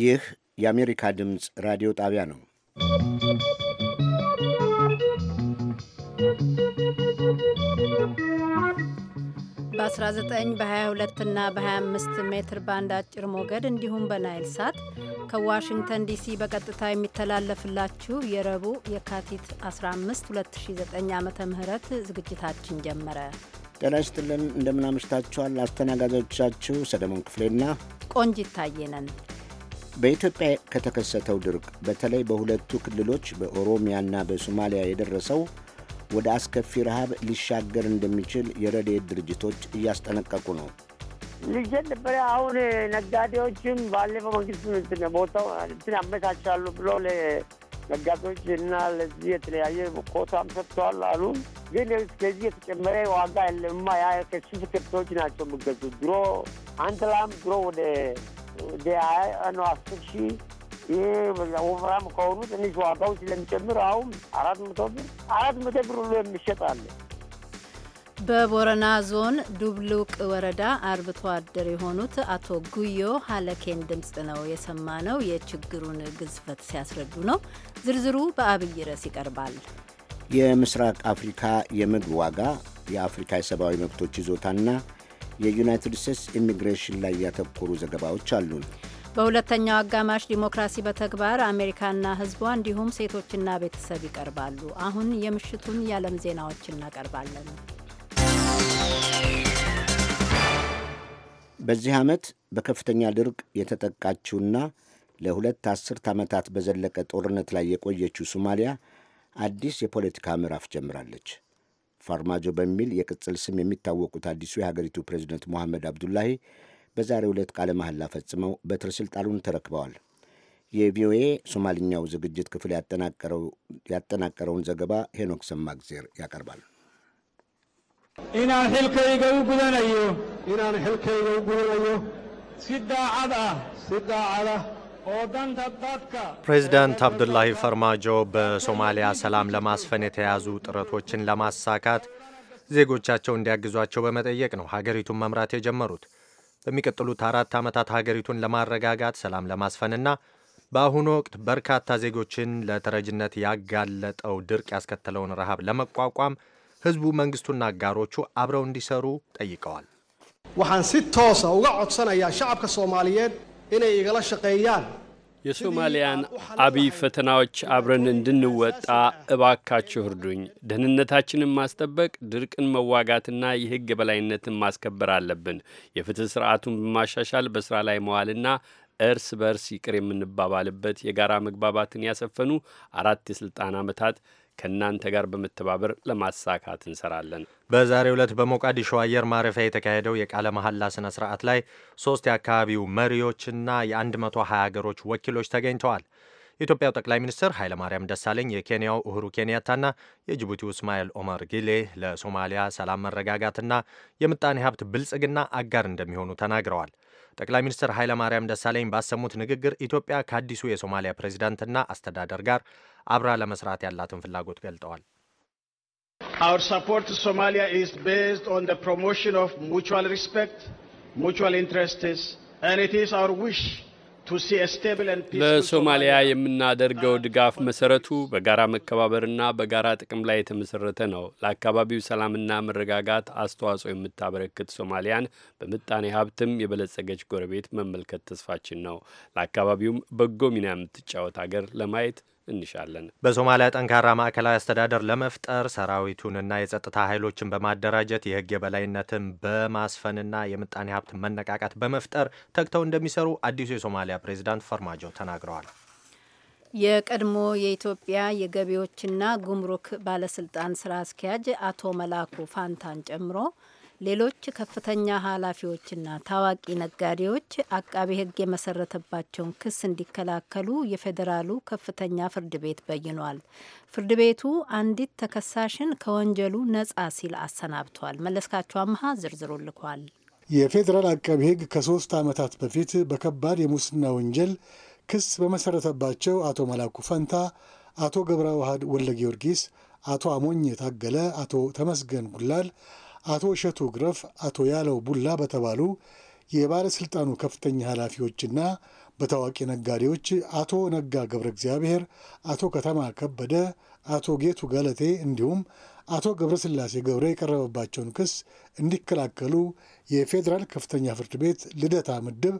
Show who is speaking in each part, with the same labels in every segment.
Speaker 1: ይህ የአሜሪካ ድምፅ ራዲዮ ጣቢያ ነው።
Speaker 2: በ19 በ22 እና በ25 ሜትር ባንድ አጭር ሞገድ እንዲሁም በናይል ሳት ከዋሽንግተን ዲሲ በቀጥታ የሚተላለፍላችሁ የረቡዕ የካቲት 15 2009 ዓ ም ዝግጅታችን ጀመረ።
Speaker 1: ጤና ይስጥልን እንደምናምሽታችኋል። አስተናጋጆቻችሁ ሰለሞን ክፍሌና
Speaker 2: ቆንጅ ይታየነን።
Speaker 1: በኢትዮጵያ ከተከሰተው ድርቅ በተለይ በሁለቱ ክልሎች በኦሮሚያና በሶማሊያ የደረሰው ወደ አስከፊ ረሃብ ሊሻገር እንደሚችል የረድኤት ድርጅቶች እያስጠነቀቁ ነው።
Speaker 3: ልጄ ነበረ አሁን ነጋዴዎችም ባለፈው መንግስት እንትን ቦታው እንትን አመቻቻሉ ብሎ ለነጋዴዎች እና ለዚህ የተለያየ ኮታም ሰጥተዋል አሉ። ግን ከዚህ የተጨመረ ዋጋ የለምማ። ያ ከሱ ከብቶች ናቸው የምገዙት። ድሮ አንድ ላም ድሮ ወደ ነው አስር ሺ ወፍራም ከሆኑ ትንሽ ዋጋው ስለሚጨምር አሁን አራት መቶ ብር አራት መቶ ብር ብሎ የሚሸጣለ።
Speaker 2: በቦረና ዞን ዱብሉቅ ወረዳ አርብቶ አደር የሆኑት አቶ ጉዮ ሀለኬን ድምፅ ነው የሰማ ነው። የችግሩን ግዝፈት ሲያስረዱ ነው። ዝርዝሩ በአብይ ርዕስ ይቀርባል።
Speaker 1: የምስራቅ አፍሪካ የምግብ ዋጋ፣ የአፍሪካ የሰብአዊ መብቶች ይዞታና የዩናይትድ ስቴትስ ኢሚግሬሽን ላይ ያተኮሩ ዘገባዎች አሉን።
Speaker 2: በሁለተኛው አጋማሽ ዲሞክራሲ በተግባር አሜሪካና ሕዝቧ እንዲሁም ሴቶችና ቤተሰብ ይቀርባሉ። አሁን የምሽቱን የዓለም ዜናዎች እናቀርባለን።
Speaker 1: በዚህ ዓመት በከፍተኛ ድርቅ የተጠቃችውና ለሁለት አስርት ዓመታት በዘለቀ ጦርነት ላይ የቆየችው ሶማሊያ አዲስ የፖለቲካ ምዕራፍ ጀምራለች። ፋርማጆ በሚል የቅጽል ስም የሚታወቁት አዲሱ የሀገሪቱ ፕሬዚደንት ሞሐመድ አብዱላሂ በዛሬ ዕለት ቃለ መሐላ ፈጽመው በትር ስልጣኑን ተረክበዋል። የቪኦኤ ሶማልኛው ዝግጅት ክፍል ያጠናቀረውን ዘገባ ሄኖክ ሰማግዜር ያቀርባል።
Speaker 4: ኢናን ሕልከይገ
Speaker 3: ጉደናዮ ኢናን
Speaker 5: ፕሬዚዳንት አብዱላሂ ፈርማጆ በሶማሊያ ሰላም ለማስፈን የተያዙ ጥረቶችን ለማሳካት ዜጎቻቸው እንዲያግዟቸው በመጠየቅ ነው ሀገሪቱን መምራት የጀመሩት። በሚቀጥሉት አራት ዓመታት ሀገሪቱን ለማረጋጋት ሰላም ለማስፈንና በአሁኑ ወቅት በርካታ ዜጎችን ለተረጅነት ያጋለጠው ድርቅ ያስከተለውን ረሃብ ለመቋቋም ህዝቡ፣ መንግስቱና አጋሮቹ አብረው እንዲሰሩ ጠይቀዋል።
Speaker 6: waxaan si toosa ah uga codsanayaa shacabka inay
Speaker 7: igala shaqeeyaan
Speaker 8: የሶማሊያን አብይ ፈተናዎች አብረን እንድንወጣ እባካችሁ እርዱኝ። ደህንነታችንን ማስጠበቅ፣ ድርቅን መዋጋትና የሕግ የበላይነትን ማስከበር አለብን። የፍትህ ስርዓቱን በማሻሻል በስራ ላይ መዋልና እርስ በርስ ይቅር የምንባባልበት የጋራ መግባባትን ያሰፈኑ አራት የሥልጣን ዓመታት ከእናንተ ጋር በመተባበር ለማሳካት እንሰራለን።
Speaker 5: በዛሬ ዕለት በሞቃዲሾ አየር ማረፊያ የተካሄደው የቃለ መሐላ ስነ ስርዓት ላይ ሶስት የአካባቢው መሪዎችና የ120 ሀገሮች ወኪሎች ተገኝተዋል። የኢትዮጵያው ጠቅላይ ሚኒስትር ኃይለማርያም ደሳለኝ፣ የኬንያው እሁሩ ኬንያታና የጅቡቲው እስማኤል ኦመር ጊሌ ለሶማሊያ ሰላም መረጋጋትና የምጣኔ ሀብት ብልጽግና አጋር እንደሚሆኑ ተናግረዋል። ጠቅላይ ሚኒስትር ኃይለማርያም ደሳለኝ ባሰሙት ንግግር ኢትዮጵያ ከአዲሱ የሶማሊያ ፕሬዚዳንትና አስተዳደር ጋር አብራ ለመስራት ያላትን ፍላጎት ገልጠዋል።
Speaker 7: Our support to Somalia is based on the promotion of mutual respect, mutual interests, and it is our wish
Speaker 8: ለሶማሊያ የምናደርገው ድጋፍ መሰረቱ በጋራ መከባበርና በጋራ ጥቅም ላይ የተመሰረተ ነው። ለአካባቢው ሰላምና መረጋጋት አስተዋጽኦ የምታበረክት ሶማሊያን በምጣኔ ሀብትም የበለጸገች ጎረቤት መመልከት ተስፋችን ነው። ለአካባቢውም በጎ ሚና የምትጫወት አገር ለማየት እንሻለን።
Speaker 5: በሶማሊያ ጠንካራ ማዕከላዊ አስተዳደር ለመፍጠር ሰራዊቱንና የጸጥታ ኃይሎችን በማደራጀት የህግ የበላይነትን በማስፈንና የምጣኔ ሀብት መነቃቃት በመፍጠር ተግተው እንደሚሰሩ አዲሱ የሶማሊያ ፕሬዚዳንት ፈርማጆ ተናግረዋል።
Speaker 2: የቀድሞ የኢትዮጵያ የገቢዎችና ጉምሩክ ባለስልጣን ስራ አስኪያጅ አቶ መላኩ ፋንታን ጨምሮ ሌሎች ከፍተኛ ኃላፊዎችና ታዋቂ ነጋዴዎች አቃቤ ሕግ የመሰረተባቸውን ክስ እንዲከላከሉ የፌዴራሉ ከፍተኛ ፍርድ ቤት በይኗል። ፍርድ ቤቱ አንዲት ተከሳሽን ከወንጀሉ ነጻ ሲል አሰናብቷል። መለስካቸው አምሃ ዝርዝሩ ልኳል።
Speaker 6: የፌዴራል አቃቤ ሕግ ከሶስት ዓመታት በፊት በከባድ የሙስና ወንጀል ክስ በመሰረተባቸው አቶ መላኩ ፈንታ፣ አቶ ገብረ ዋህድ ወልደ ጊዮርጊስ፣ አቶ አሞኝ ታገለ፣ አቶ ተመስገን ጉላል አቶ እሸቱ ግረፍ፣ አቶ ያለው ቡላ በተባሉ የባለሥልጣኑ ከፍተኛ ኃላፊዎችና በታዋቂ ነጋዴዎች አቶ ነጋ ገብረ እግዚአብሔር፣ አቶ ከተማ ከበደ፣ አቶ ጌቱ ገለቴ እንዲሁም አቶ ገብረስላሴ ገብረ የቀረበባቸውን ክስ እንዲከላከሉ የፌዴራል ከፍተኛ ፍርድ ቤት ልደታ ምድብ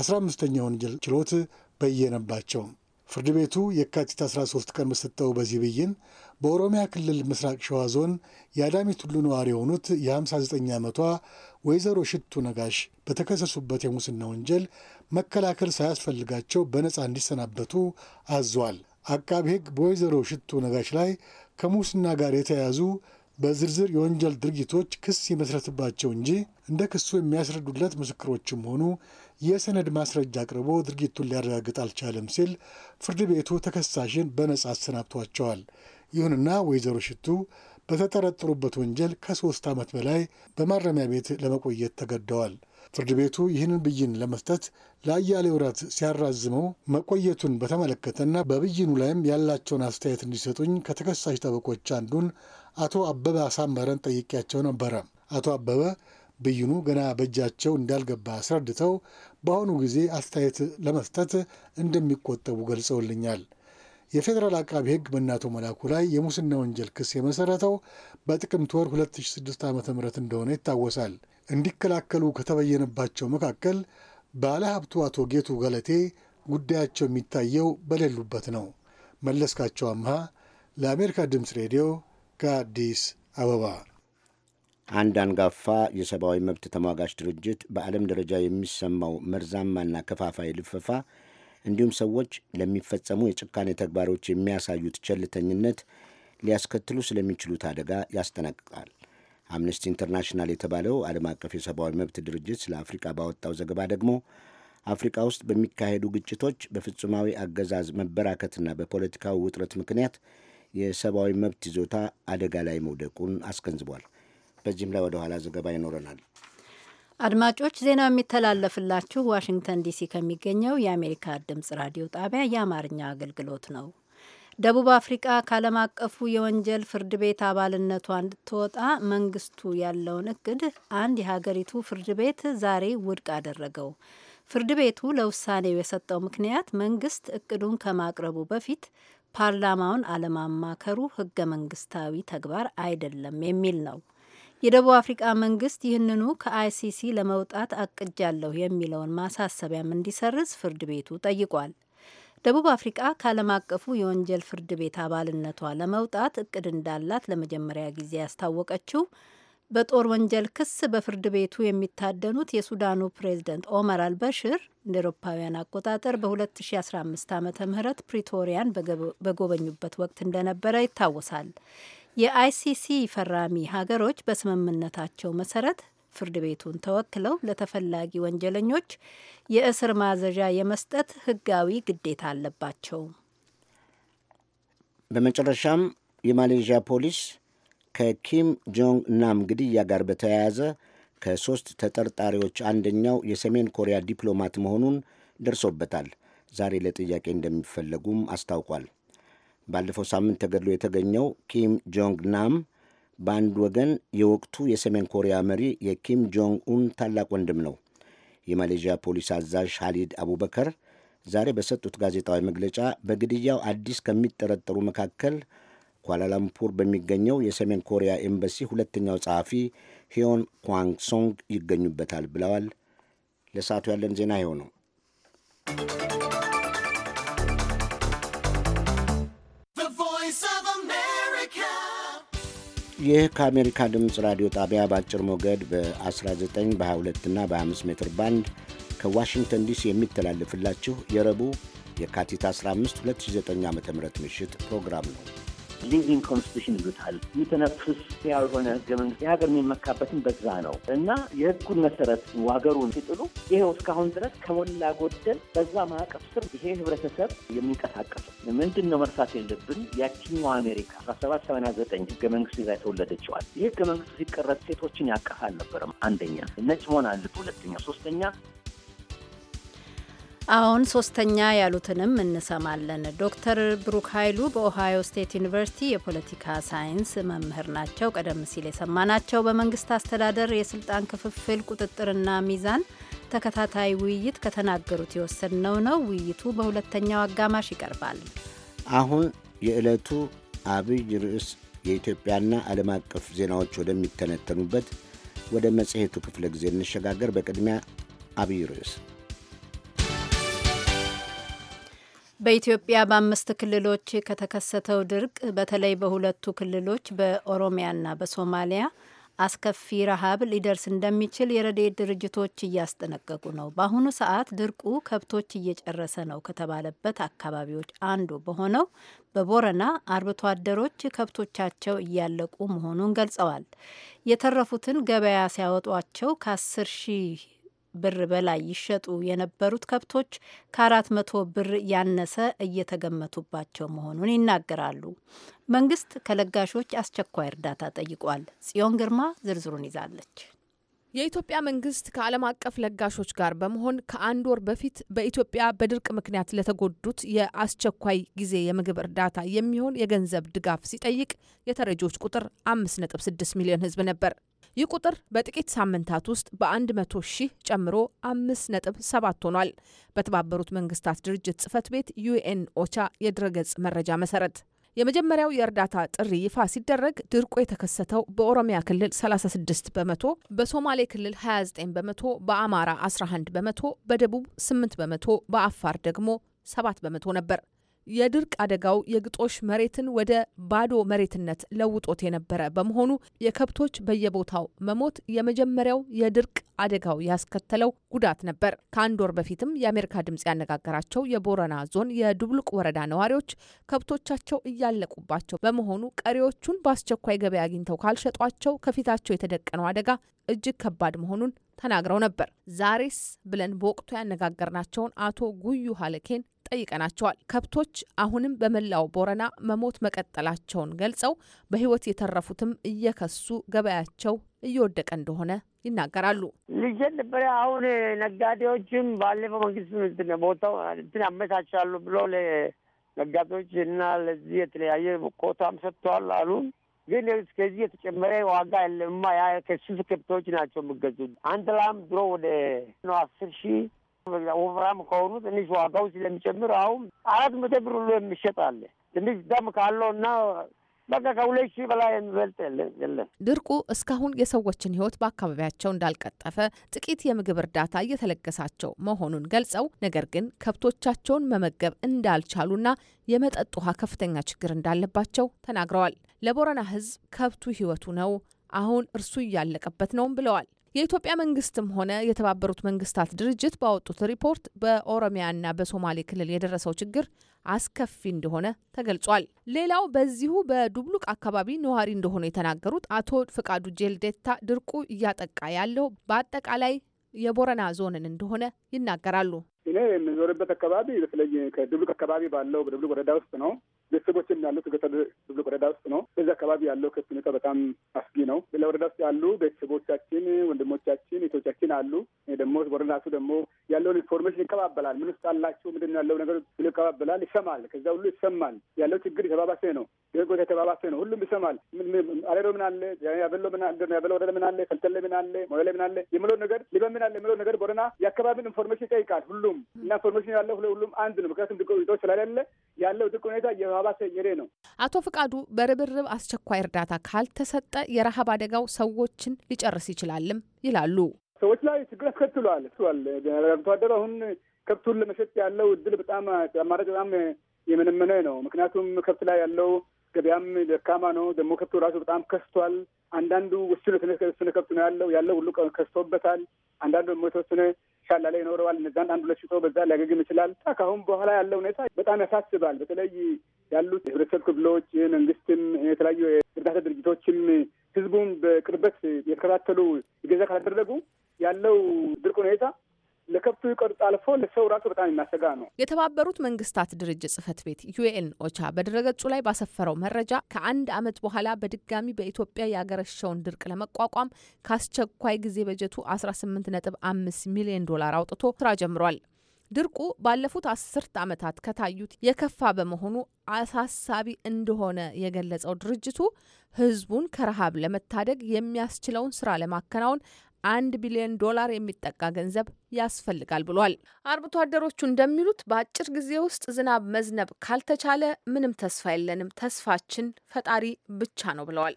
Speaker 6: 15ኛ ወንጀል ችሎት በየነባቸው። ፍርድ ቤቱ የካቲት 13 ቀን በሰጠው በዚህ ብይን በኦሮሚያ ክልል ምስራቅ ሸዋ ዞን የአዳሚ ቱሉ ነዋሪ የሆኑት የ59 ዓመቷ ወይዘሮ ሽቱ ነጋሽ በተከሰሱበት የሙስና ወንጀል መከላከል ሳያስፈልጋቸው በነፃ እንዲሰናበቱ አዟል። አቃቢ ሕግ በወይዘሮ ሽቱ ነጋሽ ላይ ከሙስና ጋር የተያያዙ በዝርዝር የወንጀል ድርጊቶች ክስ ይመስረትባቸው እንጂ እንደ ክሱ የሚያስረዱለት ምስክሮችም ሆኑ የሰነድ ማስረጃ አቅርቦ ድርጊቱን ሊያረጋግጥ አልቻለም ሲል ፍርድ ቤቱ ተከሳሽን በነጻ አሰናብቷቸዋል። ይሁንና ወይዘሮ ሽቱ በተጠረጠሩበት ወንጀል ከሶስት ዓመት በላይ በማረሚያ ቤት ለመቆየት ተገደዋል። ፍርድ ቤቱ ይህንን ብይን ለመስጠት ለአያሌ ወራት ሲያራዝመው መቆየቱን በተመለከተና በብይኑ ላይም ያላቸውን አስተያየት እንዲሰጡኝ ከተከሳሽ ጠበቆች አንዱን አቶ አበበ አሳመረን ጠይቄያቸው ነበረ። አቶ አበበ ብይኑ ገና በእጃቸው እንዳልገባ አስረድተው በአሁኑ ጊዜ አስተያየት ለመስጠት እንደሚቆጠቡ ገልጸውልኛል። የፌዴራል አቃቢ ሕግ በእናቶ መላኩ ላይ የሙስና ወንጀል ክስ የመሰረተው በጥቅምት ወር 2006 ዓ ም እንደሆነ ይታወሳል። እንዲከላከሉ ከተበየነባቸው መካከል ባለ ሀብቱ አቶ ጌቱ ገለቴ ጉዳያቸው የሚታየው በሌሉበት ነው። መለስካቸው አምሃ ለአሜሪካ ድምፅ ሬዲዮ ከአዲስ አበባ።
Speaker 1: አንድ አንጋፋ የሰብአዊ መብት ተሟጋች ድርጅት በዓለም ደረጃ የሚሰማው መርዛማና ከፋፋይ ልፈፋ እንዲሁም ሰዎች ለሚፈጸሙ የጭካኔ ተግባሮች የሚያሳዩት ቸልተኝነት ሊያስከትሉ ስለሚችሉት አደጋ ያስጠነቅቃል። አምነስቲ ኢንተርናሽናል የተባለው ዓለም አቀፍ የሰብአዊ መብት ድርጅት ስለ አፍሪቃ ባወጣው ዘገባ ደግሞ አፍሪቃ ውስጥ በሚካሄዱ ግጭቶች በፍጹማዊ አገዛዝ መበራከትና በፖለቲካዊ ውጥረት ምክንያት የሰብአዊ መብት ይዞታ አደጋ ላይ መውደቁን አስገንዝቧል። በዚህም ላይ ወደኋላ ዘገባ ይኖረናል።
Speaker 2: አድማጮች ዜናው የሚተላለፍላችሁ ዋሽንግተን ዲሲ ከሚገኘው የአሜሪካ ድምጽ ራዲዮ ጣቢያ የአማርኛ አገልግሎት ነው። ደቡብ አፍሪቃ ከዓለም አቀፉ የወንጀል ፍርድ ቤት አባልነቷ እንድትወጣ መንግስቱ ያለውን እቅድ አንድ የሀገሪቱ ፍርድ ቤት ዛሬ ውድቅ አደረገው። ፍርድ ቤቱ ለውሳኔው የሰጠው ምክንያት መንግስት እቅዱን ከማቅረቡ በፊት ፓርላማውን አለማማከሩ ህገ መንግስታዊ ተግባር አይደለም የሚል ነው። የደቡብ አፍሪቃ መንግስት ይህንኑ ከአይሲሲ ለመውጣት አቅጃለሁ የሚለውን ማሳሰቢያም እንዲሰርዝ ፍርድ ቤቱ ጠይቋል። ደቡብ አፍሪቃ ከዓለም አቀፉ የወንጀል ፍርድ ቤት አባልነቷ ለመውጣት እቅድ እንዳላት ለመጀመሪያ ጊዜ ያስታወቀችው በጦር ወንጀል ክስ በፍርድ ቤቱ የሚታደኑት የሱዳኑ ፕሬዝደንት ኦመር አልበሽር እንደ ኤሮፓውያን አቆጣጠር በ2015 ዓ ም ፕሪቶሪያን በጎበኙበት ወቅት እንደነበረ ይታወሳል። የአይሲሲ ፈራሚ ሀገሮች በስምምነታቸው መሰረት ፍርድ ቤቱን ተወክለው ለተፈላጊ ወንጀለኞች የእስር ማዘዣ የመስጠት ህጋዊ ግዴታ አለባቸው።
Speaker 1: በመጨረሻም የማሌዥያ ፖሊስ ከኪም ጆንግ ናም ግድያ ጋር በተያያዘ ከሦስት ተጠርጣሪዎች አንደኛው የሰሜን ኮሪያ ዲፕሎማት መሆኑን ደርሶበታል። ዛሬ ለጥያቄ እንደሚፈለጉም አስታውቋል። ባለፈው ሳምንት ተገድሎ የተገኘው ኪም ጆንግ ናም በአንድ ወገን የወቅቱ የሰሜን ኮሪያ መሪ የኪም ጆንግ ኡን ታላቅ ወንድም ነው። የማሌዥያ ፖሊስ አዛዥ ሀሊድ አቡበከር ዛሬ በሰጡት ጋዜጣዊ መግለጫ በግድያው አዲስ ከሚጠረጠሩ መካከል ኳላላምፑር በሚገኘው የሰሜን ኮሪያ ኤምባሲ ሁለተኛው ጸሐፊ ሂዮን ኳንግ ሶንግ ይገኙበታል ብለዋል። ለሰዓቱ ያለን ዜና ይኸው ነው። ይህ ከአሜሪካ ድምፅ ራዲዮ ጣቢያ በአጭር ሞገድ በ19 በ22 እና በ25 ሜትር ባንድ ከዋሽንግተን ዲሲ የሚተላለፍላችሁ የረቡዕ የካቲት 15 2009 ዓ.ም ምሽት ፕሮግራም ነው።
Speaker 9: ሊቪንግ ኮንስቲቱሽን ይሉታል። የሚተነፍስ ያልሆነ ህገ መንግስት የሀገር የሚመካበትን በዛ ነው እና የህጉን መሰረት ዋገሩን ሲጥሉ ይሄው እስካሁን ድረስ ከሞላ ጎደል በዛ ማዕቀፍ ስር ይሄ ህብረተሰብ የሚንቀሳቀሱ ምንድን ነው መርሳት የለብን ያችኛው አሜሪካ አስራ ሰባት ሰማንያ ዘጠኝ ህገ መንግስት ይዛ የተወለደችዋል። ይህ ህገ መንግስት ሲቀረጽ ሴቶችን ያቀፍ አልነበረም። አንደኛ ነጭ መሆን አለብ። ሁለተኛ ሶስተኛ
Speaker 2: አሁን ሶስተኛ ያሉትንም እንሰማለን። ዶክተር ብሩክ ኃይሉ በኦሃዮ ስቴት ዩኒቨርሲቲ የፖለቲካ ሳይንስ መምህር ናቸው። ቀደም ሲል የሰማናቸው በመንግስት አስተዳደር የስልጣን ክፍፍል ቁጥጥርና ሚዛን ተከታታይ ውይይት ከተናገሩት የወሰድነው ነው። ውይይቱ በሁለተኛው አጋማሽ ይቀርባል።
Speaker 1: አሁን የዕለቱ አብይ ርዕስ የኢትዮጵያና ዓለም አቀፍ ዜናዎች ወደሚተነተኑበት ወደ መጽሔቱ ክፍለ ጊዜ እንሸጋገር። በቅድሚያ አብይ ርዕስ
Speaker 2: በኢትዮጵያ በአምስት ክልሎች ከተከሰተው ድርቅ በተለይ በሁለቱ ክልሎች በኦሮሚያና በሶማሊያ አስከፊ ረሃብ ሊደርስ እንደሚችል የረድኤት ድርጅቶች እያስጠነቀቁ ነው። በአሁኑ ሰዓት ድርቁ ከብቶች እየጨረሰ ነው ከተባለበት አካባቢዎች አንዱ በሆነው በቦረና አርብቶ አደሮች ከብቶቻቸው እያለቁ መሆኑን ገልጸዋል። የተረፉትን ገበያ ሲያወጧቸው ከአስር ሺህ ብር በላይ ይሸጡ የነበሩት ከብቶች ከአራት መቶ ብር ያነሰ እየተገመቱባቸው መሆኑን ይናገራሉ። መንግስት
Speaker 10: ከለጋሾች አስቸኳይ እርዳታ ጠይቋል። ጽዮን ግርማ ዝርዝሩን ይዛለች። የኢትዮጵያ መንግስት ከዓለም አቀፍ ለጋሾች ጋር በመሆን ከአንድ ወር በፊት በኢትዮጵያ በድርቅ ምክንያት ለተጎዱት የአስቸኳይ ጊዜ የምግብ እርዳታ የሚሆን የገንዘብ ድጋፍ ሲጠይቅ የተረጂዎች ቁጥር 5.6 ሚሊዮን ህዝብ ነበር። ይህ ቁጥር በጥቂት ሳምንታት ውስጥ በ100 ሺህ ጨምሮ ሰባት ሆኗል። በተባበሩት መንግስታት ድርጅት ጽህፈት ቤት ዩኤን ኦቻ የድረገጽ መረጃ መሰረት የመጀመሪያው የእርዳታ ጥሪ ይፋ ሲደረግ ድርቁ የተከሰተው በኦሮሚያ ክልል 36 በመቶ፣ በሶማሌ ክልል 29 በመቶ፣ በአማራ 11 በመቶ፣ በደቡብ 8 በመቶ፣ በአፋር ደግሞ 7 በመቶ ነበር። የድርቅ አደጋው የግጦሽ መሬትን ወደ ባዶ መሬትነት ለውጦት የነበረ በመሆኑ የከብቶች በየቦታው መሞት የመጀመሪያው የድርቅ አደጋው ያስከተለው ጉዳት ነበር። ከአንድ ወር በፊትም የአሜሪካ ድምጽ ያነጋገራቸው የቦረና ዞን የዱብሉቅ ወረዳ ነዋሪዎች ከብቶቻቸው እያለቁባቸው በመሆኑ ቀሪዎቹን በአስቸኳይ ገበያ አግኝተው ካልሸጧቸው ከፊታቸው የተደቀነው አደጋ እጅግ ከባድ መሆኑን ተናግረው ነበር። ዛሬስ ብለን በወቅቱ ያነጋገርናቸውን አቶ ጉዩ ሀለኬን ጠይቀናቸዋል። ከብቶች አሁንም በመላው ቦረና መሞት መቀጠላቸውን ገልጸው በህይወት የተረፉትም እየከሱ ገበያቸው እየወደቀ እንደሆነ ይናገራሉ። ልጄ
Speaker 3: ነበረ አሁን ነጋዴዎችም ባለፈው መንግስት ቦታው እንትን ያመቻቻሉ ብሎ ነጋዴዎች እና ለዚህ የተለያየ ኮታም ሰጥተዋል አሉ ግን ከዚህ የተጨመረ ዋጋ የለማ። ያ ከብቶች ናቸው የምገዙት። አንድ ላም ድሮ ወደ ነው አስር ሺ ወፍራም ከሆኑ ትንሽ ዋጋው ስለሚጨምር አሁን አራት መቶ ብር ሁሉ የሚሸጥ አለ። ትንሽ ደም ካለው እና በቃ ከሁለት ሺህ በላይ የሚበልጥ
Speaker 10: የለም። ድርቁ እስካሁን የሰዎችን ሕይወት በአካባቢያቸው እንዳልቀጠፈ ጥቂት የምግብ እርዳታ እየተለገሳቸው መሆኑን ገልጸው ነገር ግን ከብቶቻቸውን መመገብ እንዳልቻሉና የመጠጥ ውሃ ከፍተኛ ችግር እንዳለባቸው ተናግረዋል። ለቦረና ህዝብ ከብቱ ህይወቱ ነው። አሁን እርሱ እያለቀበት ነውም ብለዋል። የኢትዮጵያ መንግስትም ሆነ የተባበሩት መንግስታት ድርጅት ባወጡት ሪፖርት በኦሮሚያና በሶማሌ ክልል የደረሰው ችግር አስከፊ እንደሆነ ተገልጿል። ሌላው በዚሁ በዱብሉቅ አካባቢ ነዋሪ እንደሆኑ የተናገሩት አቶ ፍቃዱ ጄልዴታ ድርቁ እያጠቃ ያለው በአጠቃላይ የቦረና ዞንን እንደሆነ ይናገራሉ።
Speaker 7: እኔ የምዞርበት አካባቢ በተለይ ከዱብሉቅ አካባቢ ባለው በዱብሉቅ ወረዳ ውስጥ ነው። ቤተሰቦች ያሉት ገጠር ዝብሎ ወረዳ ውስጥ ነው። በዚህ አካባቢ ያለው ክስ ሁኔታ በጣም አስጊ ነው። ለወረዳ ውስጥ ያሉ ቤተሰቦቻችን፣ ወንድሞቻችን፣ እህቶቻችን አሉ። ደግሞ ወረዳቱ ደግሞ ያለውን ኢንፎርሜሽን ይቀባበላል። ምን ውስጥ አላችሁ ምንድን ያለው ነገር ብሎ ይቀባበላል፣ ይሰማል። ከዛ ሁሉ ይሰማል። ያለው ችግር የተባባሰ ነው። ጎታ የተባባሰ ነው። ሁሉም ይሰማል። አሌሮ ምን አለ፣ ያበሎ ምን ያበሎ ወረዳ ምን አለ፣ ፈልተለ ምን አለ፣ ሞለ ምን አለ የምለው ነገር ሊበ ምን አለ የምለው ነገር ቦረና የአካባቢን ኢንፎርሜሽን ይጠይቃል። ሁሉም እና ኢንፎርሜሽን ያለው ሁሉም አንድ ነው። ምክንያቱም ድቆ ስላሌለ ያለው ድቅ ሁኔታ ማባባስ የኔ ነው።
Speaker 10: አቶ ፍቃዱ በርብርብ አስቸኳይ እርዳታ ካልተሰጠ የረሀብ አደጋው ሰዎችን ሊጨርስ ይችላልም ይላሉ።
Speaker 7: ሰዎች ላይ ችግር አስከትሏል ስል አርብቶ አሁን ከብቱን ለመሸጥ ያለው እድል በጣም አማራጭ በጣም የመነመነ ነው። ምክንያቱም ከብት ላይ ያለው ገበያም ደካማ ነው። ደግሞ ከብቱ ራሱ በጣም ከስቷል። አንዳንዱ ውስኑ የተወሰነ ከብት ነው ያለው ያለው ሁሉ ከስቶበታል። አንዳንዱ ደግሞ የተወሰነ ሻላ ላይ ይኖረዋል። እነዛን አንዱ ለሽቶ በዛ ሊያገግም ይችላል። ካሁን በኋላ ያለው ሁኔታ በጣም ያሳስባል። በተለይ ያሉት የህብረተሰብ ክፍሎች መንግስትም፣ የተለያዩ የእርዳታ ድርጅቶችም ህዝቡን በቅርበት የተከታተሉ ገዛ ካላደረጉ ያለው ድርቅ ሁኔታ ለከብቱ ቅርጽ አልፎ ለሰው ራሱ በጣም የሚያሰጋ ነው።
Speaker 10: የተባበሩት መንግስታት ድርጅት ጽህፈት ቤት ዩኤን ኦቻ በድረገጹ ላይ ባሰፈረው መረጃ ከአንድ ዓመት በኋላ በድጋሚ በኢትዮጵያ ያገረሸውን ድርቅ ለመቋቋም ከአስቸኳይ ጊዜ በጀቱ 185 ሚሊዮን ዶላር አውጥቶ ስራ ጀምሯል። ድርቁ ባለፉት አስርት ዓመታት ከታዩት የከፋ በመሆኑ አሳሳቢ እንደሆነ የገለጸው ድርጅቱ ህዝቡን ከረሃብ ለመታደግ የሚያስችለውን ስራ ለማከናወን አንድ ቢሊዮን ዶላር የሚጠጋ ገንዘብ ያስፈልጋል ብሏል። አርብቶ አደሮቹ እንደሚሉት በአጭር ጊዜ ውስጥ ዝናብ መዝነብ ካልተቻለ ምንም ተስፋ የለንም፣ ተስፋችን ፈጣሪ ብቻ ነው ብለዋል።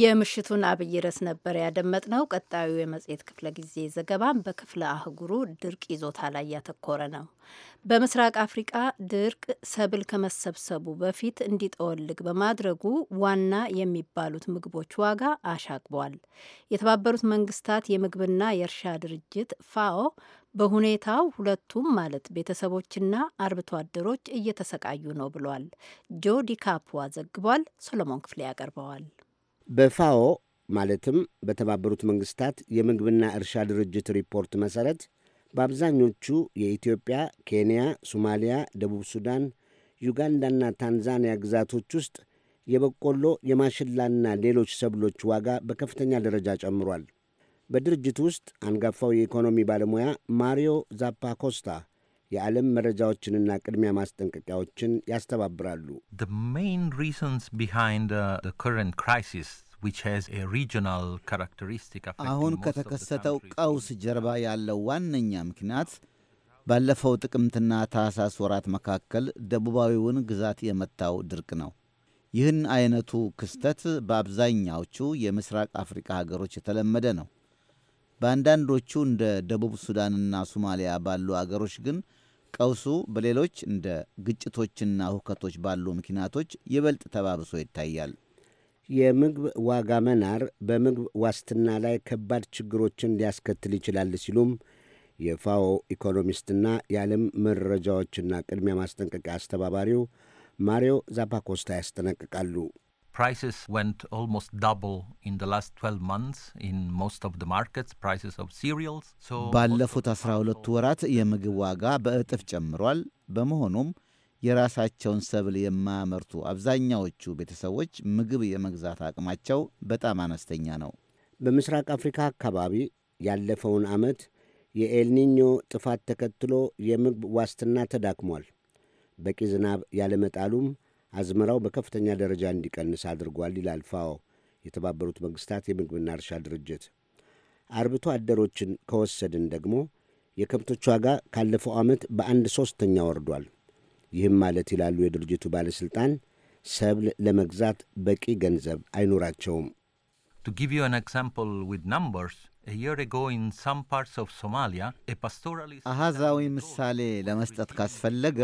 Speaker 10: የምሽቱን አብይ ርዕስ ነበር ያደመጥነው።
Speaker 2: ቀጣዩ የመጽሔት ክፍለ ጊዜ ዘገባም በክፍለ አህጉሩ ድርቅ ይዞታ ላይ ያተኮረ ነው። በምስራቅ አፍሪቃ ድርቅ ሰብል ከመሰብሰቡ በፊት እንዲጠወልግ በማድረጉ ዋና የሚባሉት ምግቦች ዋጋ አሻቅቧል። የተባበሩት መንግስታት የምግብና የእርሻ ድርጅት ፋኦ በሁኔታው ሁለቱም ማለት ቤተሰቦችና አርብቶ አደሮች እየተሰቃዩ ነው ብሏል። ጆ ዲካፖዋ ዘግቧል። ሶሎሞን ክፍሌ ያቀርበዋል።
Speaker 1: በፋኦ ማለትም በተባበሩት መንግስታት የምግብና እርሻ ድርጅት ሪፖርት መሠረት በአብዛኞቹ የኢትዮጵያ፣ ኬንያ፣ ሶማሊያ፣ ደቡብ ሱዳን፣ ዩጋንዳና ታንዛኒያ ግዛቶች ውስጥ የበቆሎ የማሽላና ሌሎች ሰብሎች ዋጋ በከፍተኛ ደረጃ ጨምሯል። በድርጅቱ ውስጥ አንጋፋው የኢኮኖሚ ባለሙያ ማሪዮ ዛፓኮስታ የዓለም መረጃዎችንና ቅድሚያ ማስጠንቀቂያዎችን ያስተባብራሉ።
Speaker 5: uh, አሁን
Speaker 11: ከተከሰተው ቀውስ ጀርባ ያለው ዋነኛ ምክንያት ባለፈው ጥቅምትና ታህሳስ ወራት መካከል ደቡባዊውን ግዛት የመታው ድርቅ ነው። ይህን አይነቱ ክስተት በአብዛኛዎቹ የምስራቅ አፍሪካ ሀገሮች የተለመደ ነው። በአንዳንዶቹ እንደ ደቡብ ሱዳንና ሶማሊያ ባሉ አገሮች ግን ቀውሱ በሌሎች እንደ ግጭቶችና ሁከቶች ባሉ ምክንያቶች ይበልጥ ተባብሶ ይታያል።
Speaker 1: የምግብ ዋጋ መናር በምግብ ዋስትና ላይ ከባድ ችግሮችን ሊያስከትል ይችላል ሲሉም የፋኦ ኢኮኖሚስትና የዓለም መረጃዎችና ቅድሚያ ማስጠንቀቂያ አስተባባሪው ማሪዮ ዛፓኮስታ ያስጠነቅቃሉ።
Speaker 5: prices went almost double in the last 12 months in most of the markets, prices of cereals. So ባለፉት
Speaker 11: 12 ወራት የምግብ ዋጋ በእጥፍ ጨምሯል። በመሆኑም የራሳቸውን ሰብል የማያመርቱ አብዛኛዎቹ ቤተሰቦች ምግብ የመግዛት አቅማቸው በጣም አነስተኛ ነው። በምስራቅ አፍሪካ
Speaker 1: አካባቢ ያለፈውን ዓመት የኤልኒኞ ጥፋት ተከትሎ የምግብ ዋስትና ተዳክሟል። በቂ ዝናብ ያለመጣሉም አዝመራው በከፍተኛ ደረጃ እንዲቀንስ አድርጓል ይላል ፋኦ፣ የተባበሩት መንግስታት የምግብና እርሻ ድርጅት። አርብቶ አደሮችን ከወሰድን ደግሞ የከብቶች ዋጋ ካለፈው ዓመት በአንድ ሦስተኛ ወርዷል። ይህም ማለት ይላሉ የድርጅቱ ባለሥልጣን ሰብል ለመግዛት በቂ ገንዘብ አይኖራቸውም።
Speaker 5: ቱ
Speaker 11: አሃዛዊ ምሳሌ ለመስጠት ካስፈለገ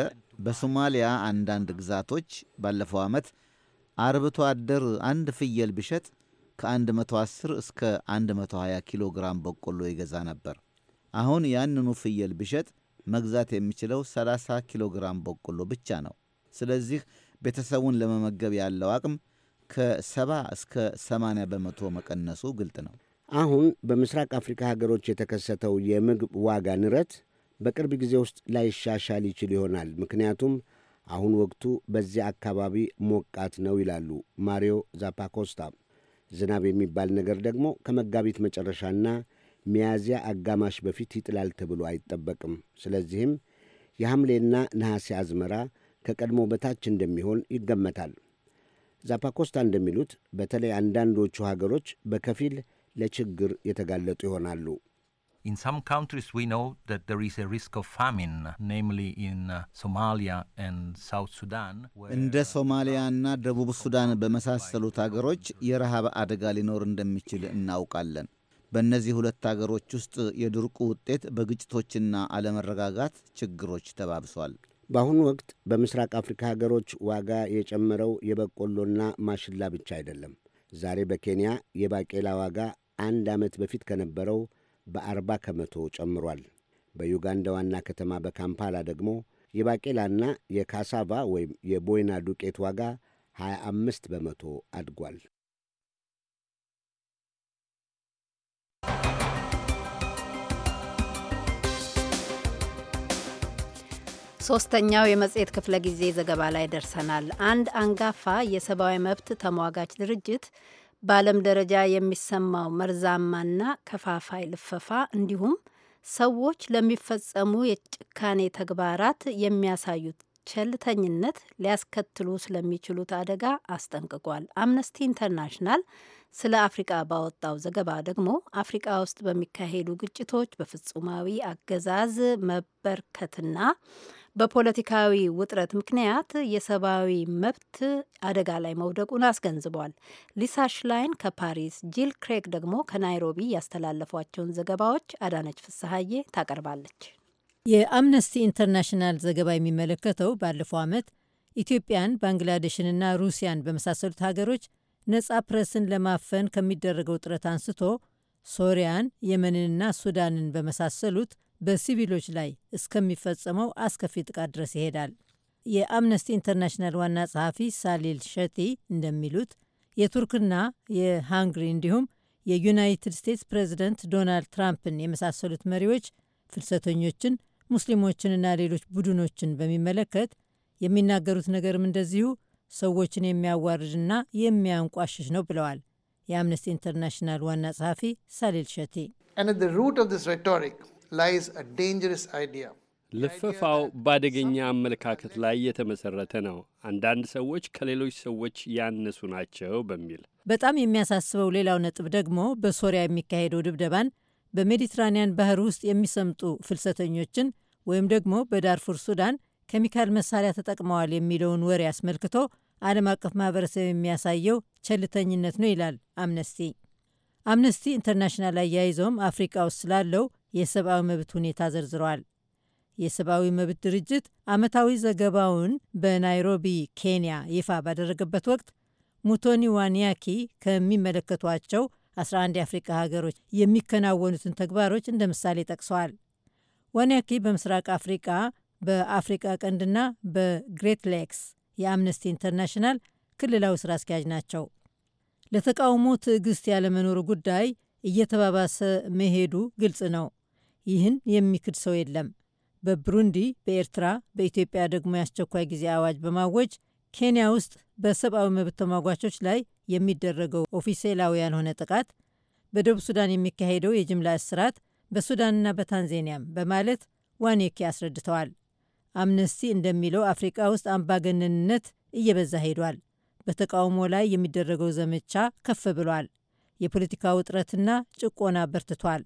Speaker 11: በሶማሊያ አንዳንድ ግዛቶች ባለፈው ዓመት አርብቶ አደር አንድ ፍየል ቢሸጥ ከ110 እስከ 120 ኪሎ ግራም በቆሎ ይገዛ ነበር። አሁን ያንኑ ፍየል ቢሸጥ መግዛት የሚችለው 30 ኪሎ ግራም በቆሎ ብቻ ነው። ስለዚህ ቤተሰቡን ለመመገብ ያለው አቅም ከ70 እስከ 80 በመቶ መቀነሱ ግልጥ ነው። አሁን
Speaker 1: በምስራቅ አፍሪካ ሀገሮች የተከሰተው የምግብ ዋጋ ንረት በቅርብ ጊዜ ውስጥ ላይሻሻል ይችል ይሆናል። ምክንያቱም አሁን ወቅቱ በዚያ አካባቢ ሞቃት ነው ይላሉ ማሪዮ ዛፓኮስታ። ዝናብ የሚባል ነገር ደግሞ ከመጋቢት መጨረሻና ሚያዝያ አጋማሽ በፊት ይጥላል ተብሎ አይጠበቅም። ስለዚህም የሐምሌና ነሐሴ አዝመራ ከቀድሞ በታች እንደሚሆን ይገመታል። ዛፓኮስታ እንደሚሉት በተለይ አንዳንዶቹ ሀገሮች በከፊል ለችግር የተጋለጡ
Speaker 11: ይሆናሉ።
Speaker 5: In some countries we know that there is a risk of famine, namely in uh, Somalia and South Sudan.
Speaker 11: እንደ ሶማሊያና ደቡብ ሱዳን በመሳሰሉት አገሮች የረሃብ አደጋ ሊኖር እንደሚችል እናውቃለን። በእነዚህ ሁለት አገሮች ውስጥ የድርቁ ውጤት በግጭቶችና አለመረጋጋት ችግሮች ተባብሷል። በአሁኑ ወቅት በምስራቅ አፍሪካ ሀገሮች ዋጋ የጨመረው የበቆሎና
Speaker 1: ማሽላ ብቻ አይደለም። ዛሬ በኬንያ የባቄላ ዋጋ ከአንድ ዓመት በፊት ከነበረው በአርባ ከመቶ ጨምሯል። በዩጋንዳ ዋና ከተማ በካምፓላ ደግሞ የባቄላና የካሳቫ ወይም የቦይና ዱቄት ዋጋ 25 በመቶ አድጓል።
Speaker 2: ሶስተኛው የመጽሔት ክፍለ ጊዜ ዘገባ ላይ ደርሰናል። አንድ አንጋፋ የሰብአዊ መብት ተሟጋች ድርጅት በዓለም ደረጃ የሚሰማው መርዛማና ከፋፋይ ልፈፋ እንዲሁም ሰዎች ለሚፈጸሙ የጭካኔ ተግባራት የሚያሳዩት ቸልተኝነት ሊያስከትሉ ስለሚችሉት አደጋ አስጠንቅቋል። አምነስቲ ኢንተርናሽናል ስለ አፍሪቃ ባወጣው ዘገባ ደግሞ አፍሪቃ ውስጥ በሚካሄዱ ግጭቶች በፍጹማዊ አገዛዝ መበርከትና በፖለቲካዊ ውጥረት ምክንያት የሰብአዊ መብት አደጋ ላይ መውደቁን አስገንዝቧል። ሊሳ ሽላይን ከፓሪስ፣ ጂል ክሬግ ደግሞ ከናይሮቢ ያስተላለፏቸውን ዘገባዎች አዳነች ፍስሐዬ ታቀርባለች።
Speaker 12: የአምነስቲ ኢንተርናሽናል ዘገባ የሚመለከተው ባለፈው ዓመት ኢትዮጵያን፣ ባንግላዴሽንና ሩሲያን በመሳሰሉት ሀገሮች ነጻ ፕረስን ለማፈን ከሚደረገው ጥረት አንስቶ ሶሪያን፣ የመንንና ሱዳንን በመሳሰሉት በሲቪሎች ላይ እስከሚፈጸመው አስከፊ ጥቃት ድረስ ይሄዳል። የአምነስቲ ኢንተርናሽናል ዋና ጸሐፊ ሳሊል ሸቲ እንደሚሉት የቱርክና የሃንግሪ እንዲሁም የዩናይትድ ስቴትስ ፕሬዚደንት ዶናልድ ትራምፕን የመሳሰሉት መሪዎች ፍልሰተኞችን፣ ሙስሊሞችንና ሌሎች ቡድኖችን በሚመለከት የሚናገሩት ነገርም እንደዚሁ ሰዎችን የሚያዋርድና የሚያንቋሽሽ ነው ብለዋል። የአምነስቲ ኢንተርናሽናል ዋና ጸሐፊ ሳሊል ሸቲ
Speaker 8: ልፈፋው በአደገኛ አመለካከት ላይ የተመሰረተ ነው። አንዳንድ ሰዎች ከሌሎች ሰዎች ያነሱ ናቸው በሚል
Speaker 12: በጣም የሚያሳስበው ሌላው ነጥብ ደግሞ በሶሪያ የሚካሄደው ድብደባን፣ በሜዲትራኒያን ባህር ውስጥ የሚሰምጡ ፍልሰተኞችን ወይም ደግሞ በዳርፉር ሱዳን ኬሚካል መሳሪያ ተጠቅመዋል የሚለውን ወሬ አስመልክቶ ዓለም አቀፍ ማህበረሰብ የሚያሳየው ቸልተኝነት ነው ይላል አምነስቲ። አምነስቲ ኢንተርናሽናል አያይዘውም አፍሪቃ ውስጥ ስላለው የሰብአዊ መብት ሁኔታ ዘርዝረዋል። የሰብአዊ መብት ድርጅት ዓመታዊ ዘገባውን በናይሮቢ ኬንያ ይፋ ባደረገበት ወቅት ሙቶኒ ዋንያኪ ከሚመለከቷቸው 11 የአፍሪካ ሀገሮች የሚከናወኑትን ተግባሮች እንደ ምሳሌ ጠቅሰዋል። ዋንያኪ በምስራቅ አፍሪቃ፣ በአፍሪቃ ቀንድና በግሬት ሌክስ የአምነስቲ ኢንተርናሽናል ክልላዊ ስራ አስኪያጅ ናቸው። ለተቃውሞ ትዕግስት ያለመኖሩ ጉዳይ እየተባባሰ መሄዱ ግልጽ ነው። ይህን የሚክድ ሰው የለም። በብሩንዲ፣ በኤርትራ፣ በኢትዮጵያ ደግሞ የአስቸኳይ ጊዜ አዋጅ በማወጅ ኬንያ ውስጥ በሰብአዊ መብት ተሟጓቾች ላይ የሚደረገው ኦፊሴላዊ ያልሆነ ጥቃት፣ በደቡብ ሱዳን የሚካሄደው የጅምላ እስራት፣ በሱዳንና በታንዛኒያም በማለት ዋኔኪ አስረድተዋል። አምነስቲ እንደሚለው አፍሪቃ ውስጥ አምባገነንነት እየበዛ ሄዷል። በተቃውሞ ላይ የሚደረገው ዘመቻ ከፍ ብሏል። የፖለቲካ ውጥረትና ጭቆና በርትቷል።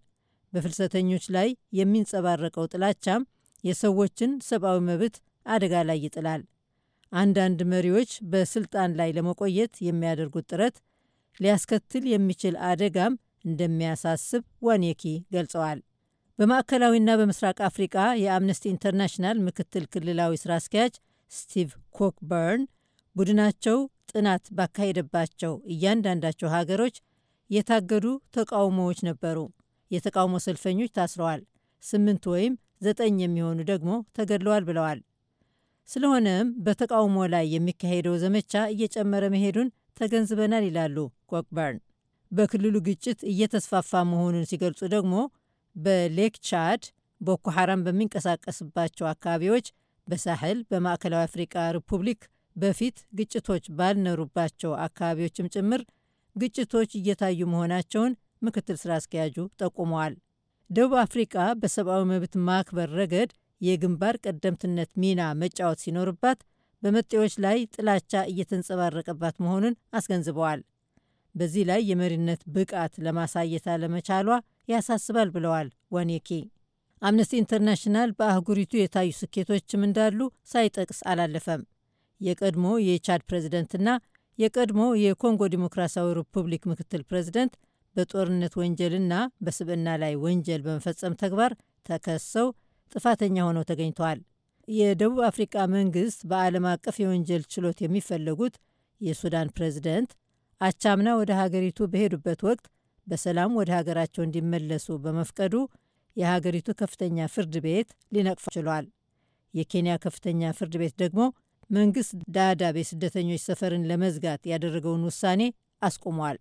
Speaker 12: በፍልሰተኞች ላይ የሚንጸባረቀው ጥላቻም የሰዎችን ሰብአዊ መብት አደጋ ላይ ይጥላል። አንዳንድ መሪዎች በስልጣን ላይ ለመቆየት የሚያደርጉት ጥረት ሊያስከትል የሚችል አደጋም እንደሚያሳስብ ዋኔኪ ገልጸዋል። በማዕከላዊና በምስራቅ አፍሪቃ የአምነስቲ ኢንተርናሽናል ምክትል ክልላዊ ስራ አስኪያጅ ስቲቭ ኮክበርን ቡድናቸው ጥናት ባካሄደባቸው እያንዳንዳቸው ሀገሮች የታገዱ ተቃውሞዎች ነበሩ። የተቃውሞ ሰልፈኞች ታስረዋል፣ ስምንት ወይም ዘጠኝ የሚሆኑ ደግሞ ተገድለዋል ብለዋል። ስለሆነም በተቃውሞ ላይ የሚካሄደው ዘመቻ እየጨመረ መሄዱን ተገንዝበናል ይላሉ ኮክበርን። በክልሉ ግጭት እየተስፋፋ መሆኑን ሲገልጹ ደግሞ በሌክ ቻድ ቦኮ ሐራም በሚንቀሳቀስባቸው አካባቢዎች፣ በሳህል፣ በማዕከላዊ አፍሪቃ ሪፑብሊክ በፊት ግጭቶች ባልነሩባቸው አካባቢዎችም ጭምር ግጭቶች እየታዩ መሆናቸውን ምክትል ስራ አስኪያጁ ጠቁመዋል። ደቡብ አፍሪቃ በሰብአዊ መብት ማክበር ረገድ የግንባር ቀደምትነት ሚና መጫወት ሲኖርባት በመጤዎች ላይ ጥላቻ እየተንጸባረቀባት መሆኑን አስገንዝበዋል። በዚህ ላይ የመሪነት ብቃት ለማሳየት አለመቻሏ ያሳስባል ብለዋል ዋኔኬ። አምነስቲ ኢንተርናሽናል በአህጉሪቱ የታዩ ስኬቶችም እንዳሉ ሳይጠቅስ አላለፈም። የቀድሞ የቻድ ፕሬዝደንትና የቀድሞ የኮንጎ ዲሞክራሲያዊ ሪፑብሊክ ምክትል ፕሬዝደንት በጦርነት ወንጀልና በስብዕና ላይ ወንጀል በመፈጸም ተግባር ተከሰው ጥፋተኛ ሆነው ተገኝተዋል። የደቡብ አፍሪቃ መንግስት በዓለም አቀፍ የወንጀል ችሎት የሚፈለጉት የሱዳን ፕሬዝደንት አቻምና ወደ ሀገሪቱ በሄዱበት ወቅት በሰላም ወደ ሀገራቸው እንዲመለሱ በመፍቀዱ የሀገሪቱ ከፍተኛ ፍርድ ቤት ሊነቅፋ ችሏል። የኬንያ ከፍተኛ ፍርድ ቤት ደግሞ መንግስት ዳዳብ የስደተኞች ሰፈርን ለመዝጋት ያደረገውን ውሳኔ አስቁሟል።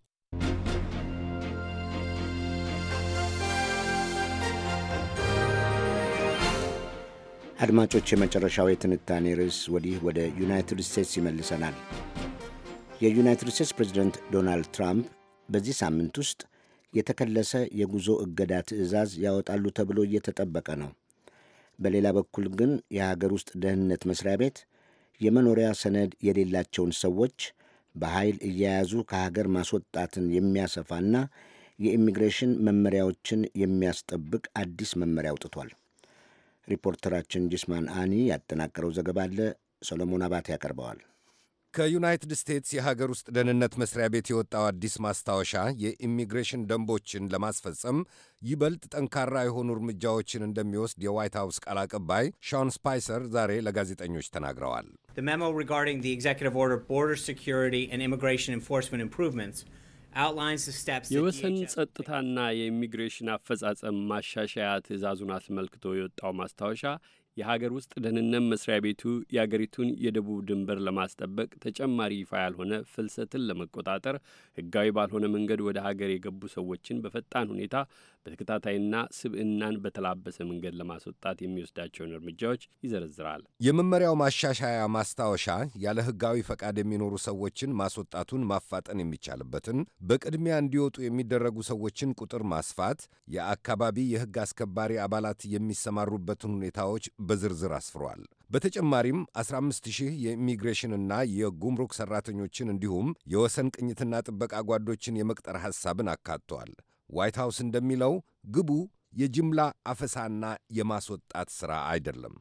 Speaker 1: አድማጮች፣ የመጨረሻው የትንታኔ ርዕስ ወዲህ ወደ ዩናይትድ ስቴትስ ይመልሰናል። የዩናይትድ ስቴትስ ፕሬዚደንት ዶናልድ ትራምፕ በዚህ ሳምንት ውስጥ የተከለሰ የጉዞ እገዳ ትዕዛዝ ያወጣሉ ተብሎ እየተጠበቀ ነው። በሌላ በኩል ግን የሀገር ውስጥ ደህንነት መስሪያ ቤት የመኖሪያ ሰነድ የሌላቸውን ሰዎች በኃይል እየያዙ ከሀገር ማስወጣትን የሚያሰፋና የኢሚግሬሽን መመሪያዎችን የሚያስጠብቅ አዲስ መመሪያ አውጥቷል። ሪፖርተራችን ጂስማን አኒ ያጠናቀረው ዘገባ አለ። ሰሎሞን አባቴ ያቀርበዋል።
Speaker 13: ከዩናይትድ ስቴትስ የሀገር ውስጥ ደህንነት መስሪያ ቤት የወጣው አዲስ ማስታወሻ የኢሚግሬሽን ደንቦችን ለማስፈጸም ይበልጥ ጠንካራ የሆኑ እርምጃዎችን እንደሚወስድ የዋይት ሀውስ ቃል አቀባይ ሾን ስፓይሰር ዛሬ ለጋዜጠኞች ተናግረዋል።
Speaker 5: The memo regarding the executive order border security and immigration enforcement improvements
Speaker 8: የወሰን ጸጥታና የኢሚግሬሽን አፈጻጸም ማሻሻያ ትእዛዙን አስመልክቶ የወጣው ማስታወሻ የሀገር ውስጥ ደህንነት መስሪያ ቤቱ የአገሪቱን የደቡብ ድንበር ለማስጠበቅ ተጨማሪ ይፋ ያልሆነ ፍልሰትን ለመቆጣጠር ህጋዊ ባልሆነ መንገድ ወደ ሀገር የገቡ ሰዎችን በፈጣን ሁኔታ በተከታታይና ስብዕናን በተላበሰ መንገድ ለማስወጣት የሚወስዳቸውን እርምጃዎች ይዘረዝራል።
Speaker 13: የመመሪያው ማሻሻያ ማስታወሻ ያለ ህጋዊ ፈቃድ የሚኖሩ ሰዎችን ማስወጣቱን ማፋጠን የሚቻልበትን፣ በቅድሚያ እንዲወጡ የሚደረጉ ሰዎችን ቁጥር ማስፋት፣ የአካባቢ የህግ አስከባሪ አባላት የሚሰማሩበትን ሁኔታዎች በዝርዝር አስፍሯል። በተጨማሪም 15 ሺህ የኢሚግሬሽንና የጉምሩክ ሠራተኞችን እንዲሁም የወሰን ቅኝትና ጥበቃ ጓዶችን የመቅጠር ሐሳብን አካቷል። ዋይት ሃውስ እንደሚለው ግቡ የጅምላ አፈሳና የማስወጣት ሥራ አይደለም።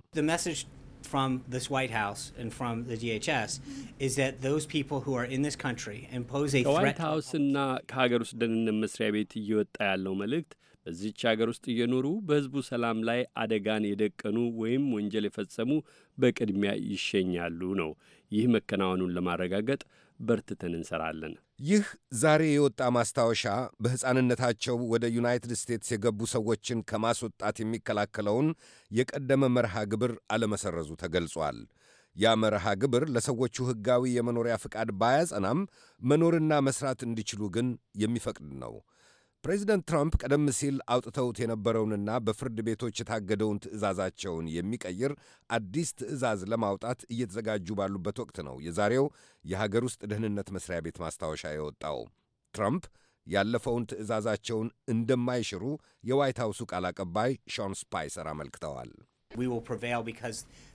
Speaker 5: ከዋይት
Speaker 8: ሃውስና ከሀገር ውስጥ ደህንነት መስሪያ ቤት እየወጣ ያለው መልእክት በዚች አገር ውስጥ እየኖሩ በሕዝቡ ሰላም ላይ አደጋን የደቀኑ ወይም ወንጀል የፈጸሙ በቅድሚያ ይሸኛሉ ነው። ይህ መከናወኑን ለማረጋገጥ በርትተን
Speaker 13: እንሰራለን። ይህ ዛሬ የወጣ ማስታወሻ በሕፃንነታቸው ወደ ዩናይትድ ስቴትስ የገቡ ሰዎችን ከማስወጣት የሚከላከለውን የቀደመ መርሃ ግብር አለመሰረዙ ተገልጿል። ያ መርሃ ግብር ለሰዎቹ ሕጋዊ የመኖሪያ ፍቃድ ባያጸናም መኖርና መስራት እንዲችሉ ግን የሚፈቅድ ነው። ፕሬዚደንት ትራምፕ ቀደም ሲል አውጥተውት የነበረውንና በፍርድ ቤቶች የታገደውን ትዕዛዛቸውን የሚቀይር አዲስ ትዕዛዝ ለማውጣት እየተዘጋጁ ባሉበት ወቅት ነው የዛሬው የሀገር ውስጥ ደህንነት መስሪያ ቤት ማስታወሻ የወጣው። ትራምፕ ያለፈውን ትዕዛዛቸውን እንደማይሽሩ የዋይት ሃውሱ ቃል አቀባይ ሾን ስፓይሰር አመልክተዋል።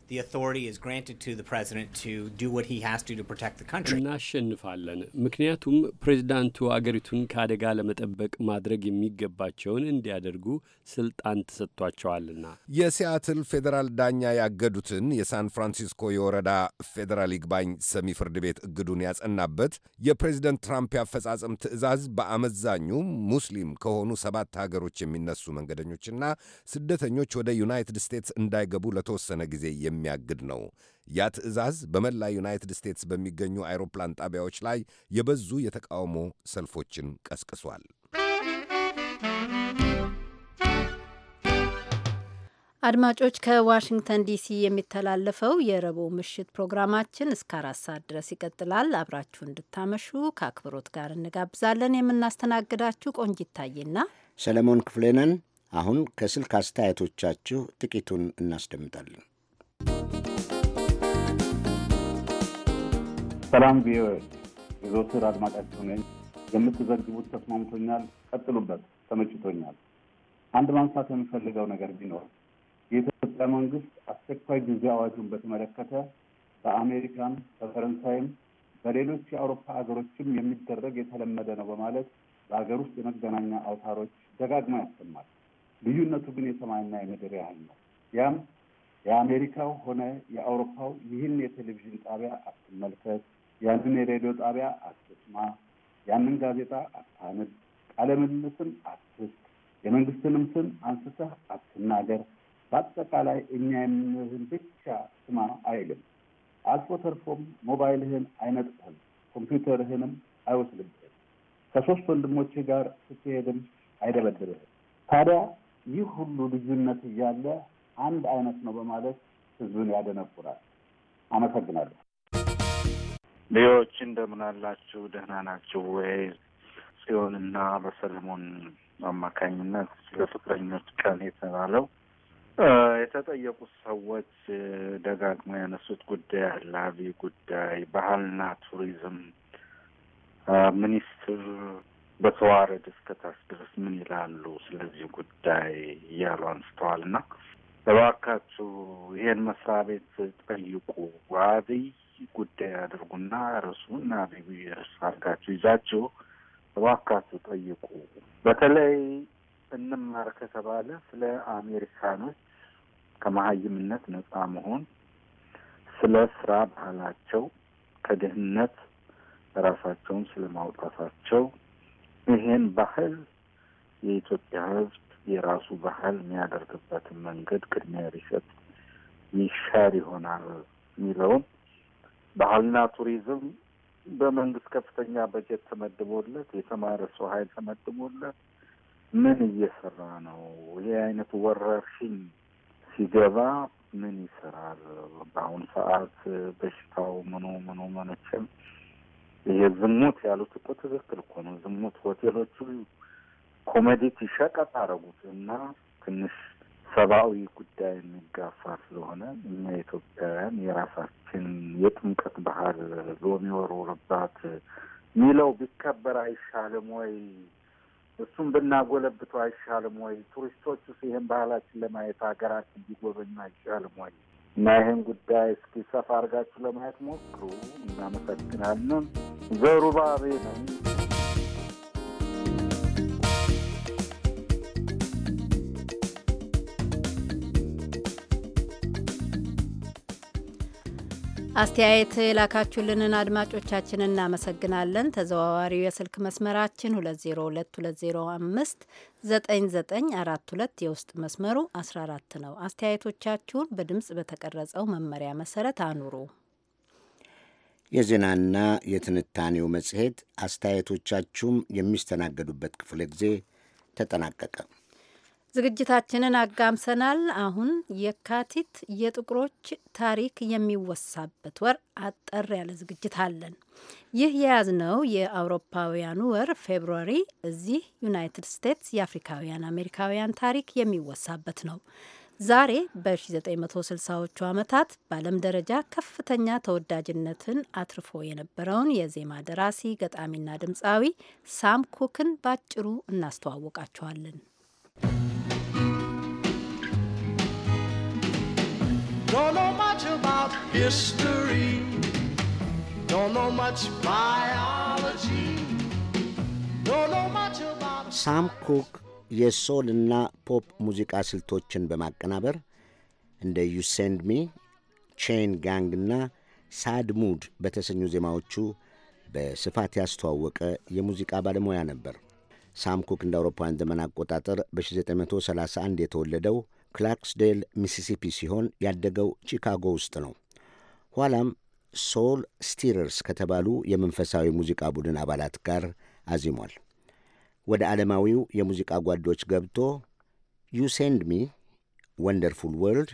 Speaker 13: the authority is granted to the president to do what he has to to protect the country. እናሸንፋለን
Speaker 8: ምክንያቱም ፕሬዚዳንቱ አገሪቱን ከአደጋ ለመጠበቅ ማድረግ የሚገባቸውን እንዲያደርጉ ስልጣን ተሰጥቷቸዋልና።
Speaker 13: የሲያትል ፌዴራል ዳኛ ያገዱትን የሳን ፍራንሲስኮ የወረዳ ፌዴራል ይግባኝ ሰሚ ፍርድ ቤት እግዱን ያጸናበት የፕሬዚደንት ትራምፕ ያፈጻጸም ትዕዛዝ በአመዛኙ ሙስሊም ከሆኑ ሰባት ሀገሮች የሚነሱ መንገደኞችና ስደተኞች ወደ ዩናይትድ ስቴትስ እንዳይገቡ ለተወሰነ ጊዜ የሚ የሚያግድ ነው። ያ ትዕዛዝ በመላ ዩናይትድ ስቴትስ በሚገኙ አይሮፕላን ጣቢያዎች ላይ የበዙ የተቃውሞ ሰልፎችን ቀስቅሷል።
Speaker 2: አድማጮች፣ ከዋሽንግተን ዲሲ የሚተላለፈው የረቡዕ ምሽት ፕሮግራማችን እስከ አራት ሰዓት ድረስ ይቀጥላል። አብራችሁ እንድታመሹ ከአክብሮት ጋር እንጋብዛለን። የምናስተናግዳችሁ ቆንጅ ታዬና
Speaker 1: ሰለሞን ክፍሌ ነን። አሁን ከስልክ አስተያየቶቻችሁ ጥቂቱን እናስደምጣለን።
Speaker 14: ሰላም ቪኦኤ የዘወትር አድማጫቸው ነኝ። የምትዘግቡት ተስማምቶኛል፣ ቀጥሉበት፣ ተመችቶኛል። አንድ ማንሳት የሚፈልገው ነገር ቢኖር የኢትዮጵያ መንግስት አስቸኳይ ጊዜ አዋጁን በተመለከተ በአሜሪካም በፈረንሳይም በሌሎች የአውሮፓ ሀገሮችም የሚደረግ የተለመደ ነው በማለት በሀገር ውስጥ የመገናኛ አውታሮች ደጋግማ ያሰማል። ልዩነቱ ግን የሰማይና የምድር ያህል ነው። ያም የአሜሪካው ሆነ የአውሮፓው ይህን የቴሌቪዥን ጣቢያ አትመልከት ያንን የሬዲዮ ጣቢያ አትስማ፣ ያንን ጋዜጣ አታንብ፣ ቃለ ምልልስም አትስጥ፣ የመንግስትንም ስም አንስተህ አትናገር፣ በአጠቃላይ እኛ የምንህን ብቻ ስማ አይልም። አልፎ ተርፎም ሞባይልህን አይነጥህም፣ ኮምፒውተርህንም አይወስድብህም፣ ከሶስት ወንድሞችህ ጋር ስትሄድም አይደበድብህም። ታዲያ ይህ ሁሉ ልዩነት እያለ አንድ አይነት ነው በማለት ህዝብን
Speaker 4: ያደነቁራል። አመሰግናለሁ። ሌዎች እንደምን አላችሁ? ደህና ናችሁ ወይ? ጽዮንና በሰለሞን አማካኝነት ስለ ፍቅረኞች ቀን የተባለው የተጠየቁት ሰዎች ደጋግሞ ያነሱት ጉዳይ አላቢ ጉዳይ ባህልና ቱሪዝም ሚኒስትር በተዋረድ እስከ ታች ድረስ ምን ይላሉ ስለዚህ ጉዳይ እያሉ አንስተዋል። እና እባካችሁ ይሄን መስሪያ ቤት ጠይቁ አብይ ጉዳይ ያደርጉና ርዕሱን አብይ ርዕስ አድርጋችሁ እባካችሁ ጠይቁ። በተለይ እንማር ከተባለ ስለ አሜሪካኖች ከመሀይምነት ነጻ መሆን፣ ስለ ስራ ባህላቸው፣ ከድህነት ራሳቸውን ስለ ማውጣታቸው ይሄን ባህል የኢትዮጵያ ሕዝብ የራሱ ባህል የሚያደርግበትን መንገድ ቅድሚያ ቢሰጥ ይሻር ይሆናል የሚለውን ባህልና ቱሪዝም በመንግስት ከፍተኛ በጀት ተመድቦለት የተማረ ሰው ኃይል ተመድቦለት ምን እየሰራ ነው? ይህ አይነት ወረርሽኝ ሲገባ ምን ይሰራል? በአሁኑ ሰዓት በሽታው ምኑ ምኑ መነችም
Speaker 9: ይሄ ዝሙት
Speaker 4: ያሉት እኮ ትክክል እኮ ነው። ዝሙት ሆቴሎቹ ኮሜዲቲ ሸቀጥ አረጉት እና ትንሽ ሰብአዊ ጉዳይ የሚጋፋ ስለሆነ እኛ ኢትዮጵያውያን የራሳችን የጥምቀት ባህል ሎሚ ወረወረባት ሚለው ቢከበር አይሻልም ወይ? እሱም ብናጎለብቱ አይሻልም ወይ? ቱሪስቶች ይህን ባህላችን ለማየት ሀገራችን ቢጎበኙ አይሻልም ወይ? እና ይህን ጉዳይ እስኪ ሰፋ አድርጋችሁ ለማየት ሞክሩ። እናመሰግናለን። ዘሩባቤ ነው።
Speaker 2: አስተያየት የላካችሁልንን አድማጮቻችን እናመሰግናለን። ተዘዋዋሪው የስልክ መስመራችን 2022059942 የውስጥ መስመሩ 14 ነው። አስተያየቶቻችሁን በድምፅ በተቀረጸው መመሪያ መሰረት አኑሩ።
Speaker 1: የዜናና የትንታኔው መጽሔት አስተያየቶቻችሁም የሚስተናገዱበት ክፍለ ጊዜ ተጠናቀቀ።
Speaker 2: ዝግጅታችንን አጋምሰናል። አሁን የካቲት የጥቁሮች ታሪክ የሚወሳበት ወር አጠር ያለ ዝግጅት አለን። ይህ የያዝነው የአውሮፓውያኑ ወር ፌብሩዋሪ እዚህ ዩናይትድ ስቴትስ የአፍሪካውያን አሜሪካውያን ታሪክ የሚወሳበት ነው። ዛሬ በ1960ዎቹ ዓመታት በዓለም ደረጃ ከፍተኛ ተወዳጅነትን አትርፎ የነበረውን የዜማ ደራሲ ገጣሚና ድምፃዊ ሳም ኩክን ባጭሩ እናስተዋውቃቸዋለን።
Speaker 5: Don't know much about history. Don't know much biology. Don't know much about...
Speaker 1: Sam ኩክ የሶል እና ፖፕ ሙዚቃ ስልቶችን በማቀናበር እንደ ዩሴንድ ሚ፣ ቼን ጋንግ እና ሳድ ሙድ በተሰኙ ዜማዎቹ በስፋት ያስተዋወቀ የሙዚቃ ባለሙያ ነበር። ሳም ኩክ እንደ አውሮፓውያን ዘመን አቆጣጠር በ1931 የተወለደው ክላርክስዴል ሚሲሲፒ ሲሆን ያደገው ቺካጎ ውስጥ ነው። ኋላም ሶል ስቲረርስ ከተባሉ የመንፈሳዊ ሙዚቃ ቡድን አባላት ጋር አዚሟል። ወደ ዓለማዊው የሙዚቃ ጓዶች ገብቶ ዩ ሴንድ ሚ፣ ወንደርፉል ወርልድ፣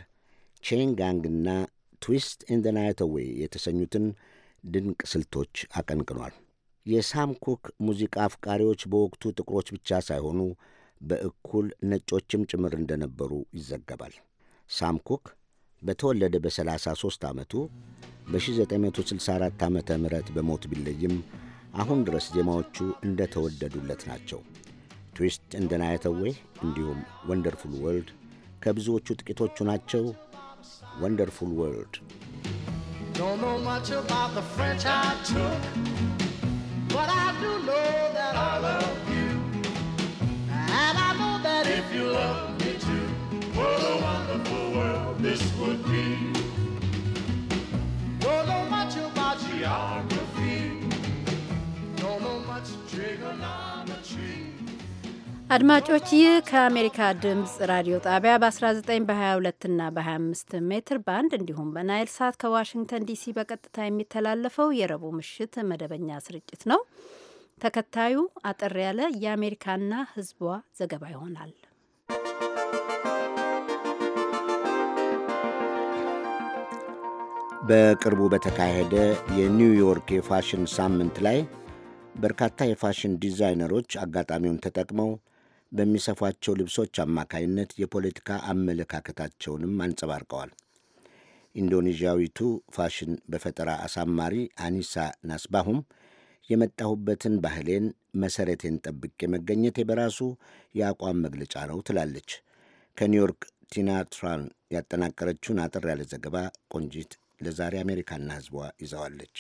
Speaker 1: ቼን ጋንግና ትዊስት ኢን ዘ ናይት አዌይ የተሰኙትን ድንቅ ስልቶች አቀንቅኗል። የሳም ኩክ ሙዚቃ አፍቃሪዎች በወቅቱ ጥቁሮች ብቻ ሳይሆኑ በእኩል ነጮችም ጭምር እንደነበሩ ይዘገባል። ሳም ኩክ በተወለደ በ33 ዓመቱ በ1964 ዓ ም በሞት ቢለይም አሁን ድረስ ዜማዎቹ ተወደዱለት ናቸው። ትዊስት እንደ ናየተዌይ እንዲሁም ወንደርፉል ወርልድ ከብዙዎቹ ጥቂቶቹ ናቸው። ወንደርፉል ወርልድ
Speaker 6: Don't know much about the French I took, but
Speaker 11: I do know that I love if you love
Speaker 5: me too. What a wonderful world this would be. Don't know much about geography. Don't know much trigonometry.
Speaker 2: አድማጮች ይህ ከአሜሪካ ድምፅ ራዲዮ ጣቢያ በ19 በ22 እና በ25 ሜትር ባንድ እንዲሁም በናይል ሳት ከዋሽንግተን ዲሲ በቀጥታ የሚተላለፈው የረቡዕ ምሽት መደበኛ ስርጭት ነው። ተከታዩ አጠር ያለ የአሜሪካና ሕዝቧ ዘገባ ይሆናል።
Speaker 1: በቅርቡ በተካሄደ የኒውዮርክ የፋሽን ሳምንት ላይ በርካታ የፋሽን ዲዛይነሮች አጋጣሚውን ተጠቅመው በሚሰፏቸው ልብሶች አማካይነት የፖለቲካ አመለካከታቸውንም አንጸባርቀዋል። ኢንዶኔዥያዊቱ ፋሽን በፈጠራ አሳማሪ አኒሳ ናስባሁም የመጣሁበትን ባህሌን መሰረቴን ጠብቄ መገኘቴ በራሱ የአቋም መግለጫ ነው ትላለች። ከኒውዮርክ ቲና ትራን ያጠናቀረችውን አጠር ያለ ዘገባ ቆንጂት ለዛሬ አሜሪካና ህዝቧ ይዘዋለች።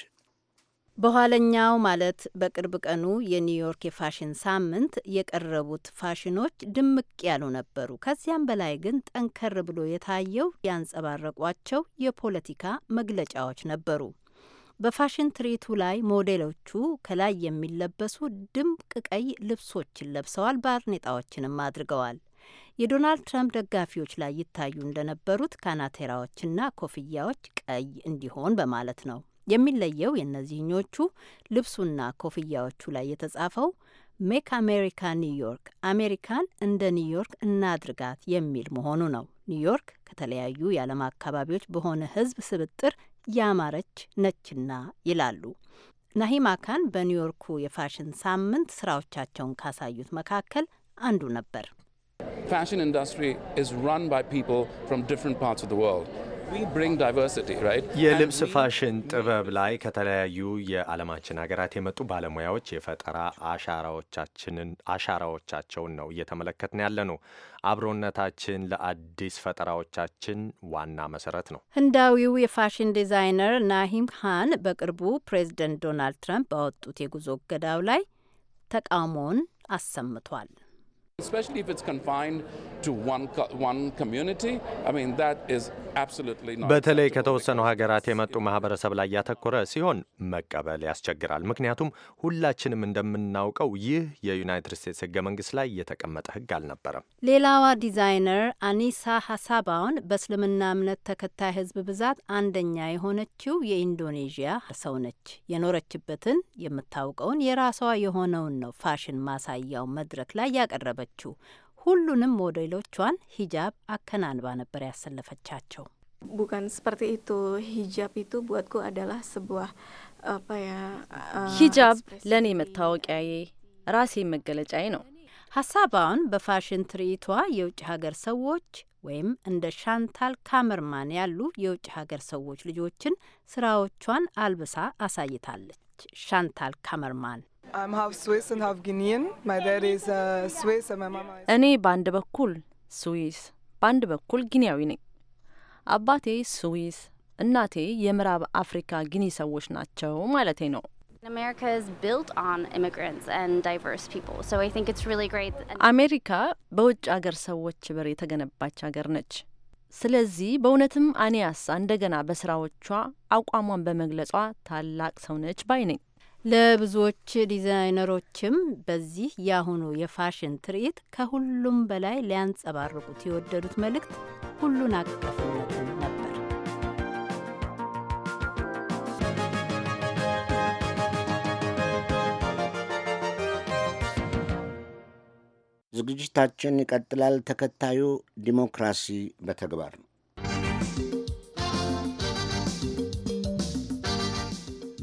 Speaker 2: በኋለኛው ማለት በቅርብ ቀኑ የኒውዮርክ የፋሽን ሳምንት የቀረቡት ፋሽኖች ድምቅ ያሉ ነበሩ። ከዚያም በላይ ግን ጠንከር ብሎ የታየው ያንጸባረቋቸው የፖለቲካ መግለጫዎች ነበሩ። በፋሽን ትርኢቱ ላይ ሞዴሎቹ ከላይ የሚለበሱ ድምቅ ቀይ ልብሶችን ለብሰዋል፣ ባርኔጣዎችንም አድርገዋል። የዶናልድ ትራምፕ ደጋፊዎች ላይ ይታዩ እንደነበሩት ካናቴራዎችና ኮፍያዎች ቀይ እንዲሆን በማለት ነው። የሚለየው የእነዚህኞቹ ልብሱና ኮፍያዎቹ ላይ የተጻፈው ሜክ አሜሪካ ኒውዮርክ፣ አሜሪካን እንደ ኒውዮርክ እናድርጋት የሚል መሆኑ ነው። ኒውዮርክ ከተለያዩ የዓለም አካባቢዎች በሆነ ሕዝብ ስብጥር ያማረች ነችና ይላሉ። ናሂማ ካን በኒውዮርኩ የፋሽን ሳምንት ስራዎቻቸውን ካሳዩት መካከል አንዱ ነበር።
Speaker 14: fashion industry is run by people from different parts of the world.
Speaker 5: የልብስ ፋሽን ጥበብ ላይ ከተለያዩ የዓለማችን ሀገራት የመጡ ባለሙያዎች የፈጠራ አሻራዎቻችንን አሻራዎቻቸውን ነው እየተመለከትን ያለ ነው። አብሮነታችን ለአዲስ ፈጠራዎቻችን ዋና መሰረት ነው።
Speaker 2: ህንዳዊው የፋሽን ዲዛይነር ናሂም ሃን በቅርቡ ፕሬዝደንት ዶናልድ ትራምፕ ባወጡት የጉዞ እገዳው ላይ ተቃውሞውን አሰምቷል።
Speaker 14: በተለይ
Speaker 5: ከተወሰኑ ሀገራት የመጡ ማህበረሰብ ላይ ያተኮረ ሲሆን መቀበል ያስቸግራል። ምክንያቱም ሁላችንም እንደምናውቀው ይህ የዩናይትድ ስቴትስ ሕገ መንግስት ላይ የተቀመጠ ህግ አልነበረም።
Speaker 2: ሌላዋ ዲዛይነር አኒሳ ሀሳባውን በእስልምና እምነት ተከታይ ህዝብ ብዛት አንደኛ የሆነችው የኢንዶኔዥያ ሰው ነች። የኖረችበትን የምታውቀውን የራሷ የሆነውን ነው ፋሽን ማሳያው መድረክ ላይ ያቀረበች ያቀረበችው። ሁሉንም ሞዴሎቿን ሂጃብ አከናንባ ነበር ያሰለፈቻቸው።
Speaker 12: ቡካን ስፐርቲ ኢቱ
Speaker 2: ሂጃብ ኢቱ ቡትኩ አዳላ ስቡህ ሂጃብ ለእኔ መታወቂያዬ፣ ራሴ መገለጫዬ ነው። ሀሳባውን በፋሽን ትርኢቷ የውጭ ሀገር ሰዎች ወይም እንደ ሻንታል ካመርማን ያሉ የውጭ ሀገር ሰዎች ልጆችን ስራዎቿን አልብሳ አሳይታለች። ሻንታል ካመርማን Uh, እኔ በአንድ በኩል
Speaker 15: ስዊስ በአንድ በኩል ጊኒያዊ ነኝ። አባቴ ስዊስ፣ እናቴ የምዕራብ አፍሪካ ጊኒ ሰዎች ናቸው ማለቴ ነው። አሜሪካ በውጭ ሀገር ሰዎች በር የተገነባች ሀገር ነች። ስለዚህ በእውነትም አኒያሳ እንደገና በስራዎቿ
Speaker 2: አቋሟን በመግለጿ ታላቅ ሰው ነች ባይ ነኝ። ለብዙዎች ዲዛይነሮችም በዚህ የአሁኑ የፋሽን ትርኢት ከሁሉም በላይ ሊያንጸባርቁት የወደዱት መልእክት ሁሉን አቀፍነትን ነበር።
Speaker 1: ዝግጅታችን ይቀጥላል። ተከታዩ ዲሞክራሲ በተግባር ነው።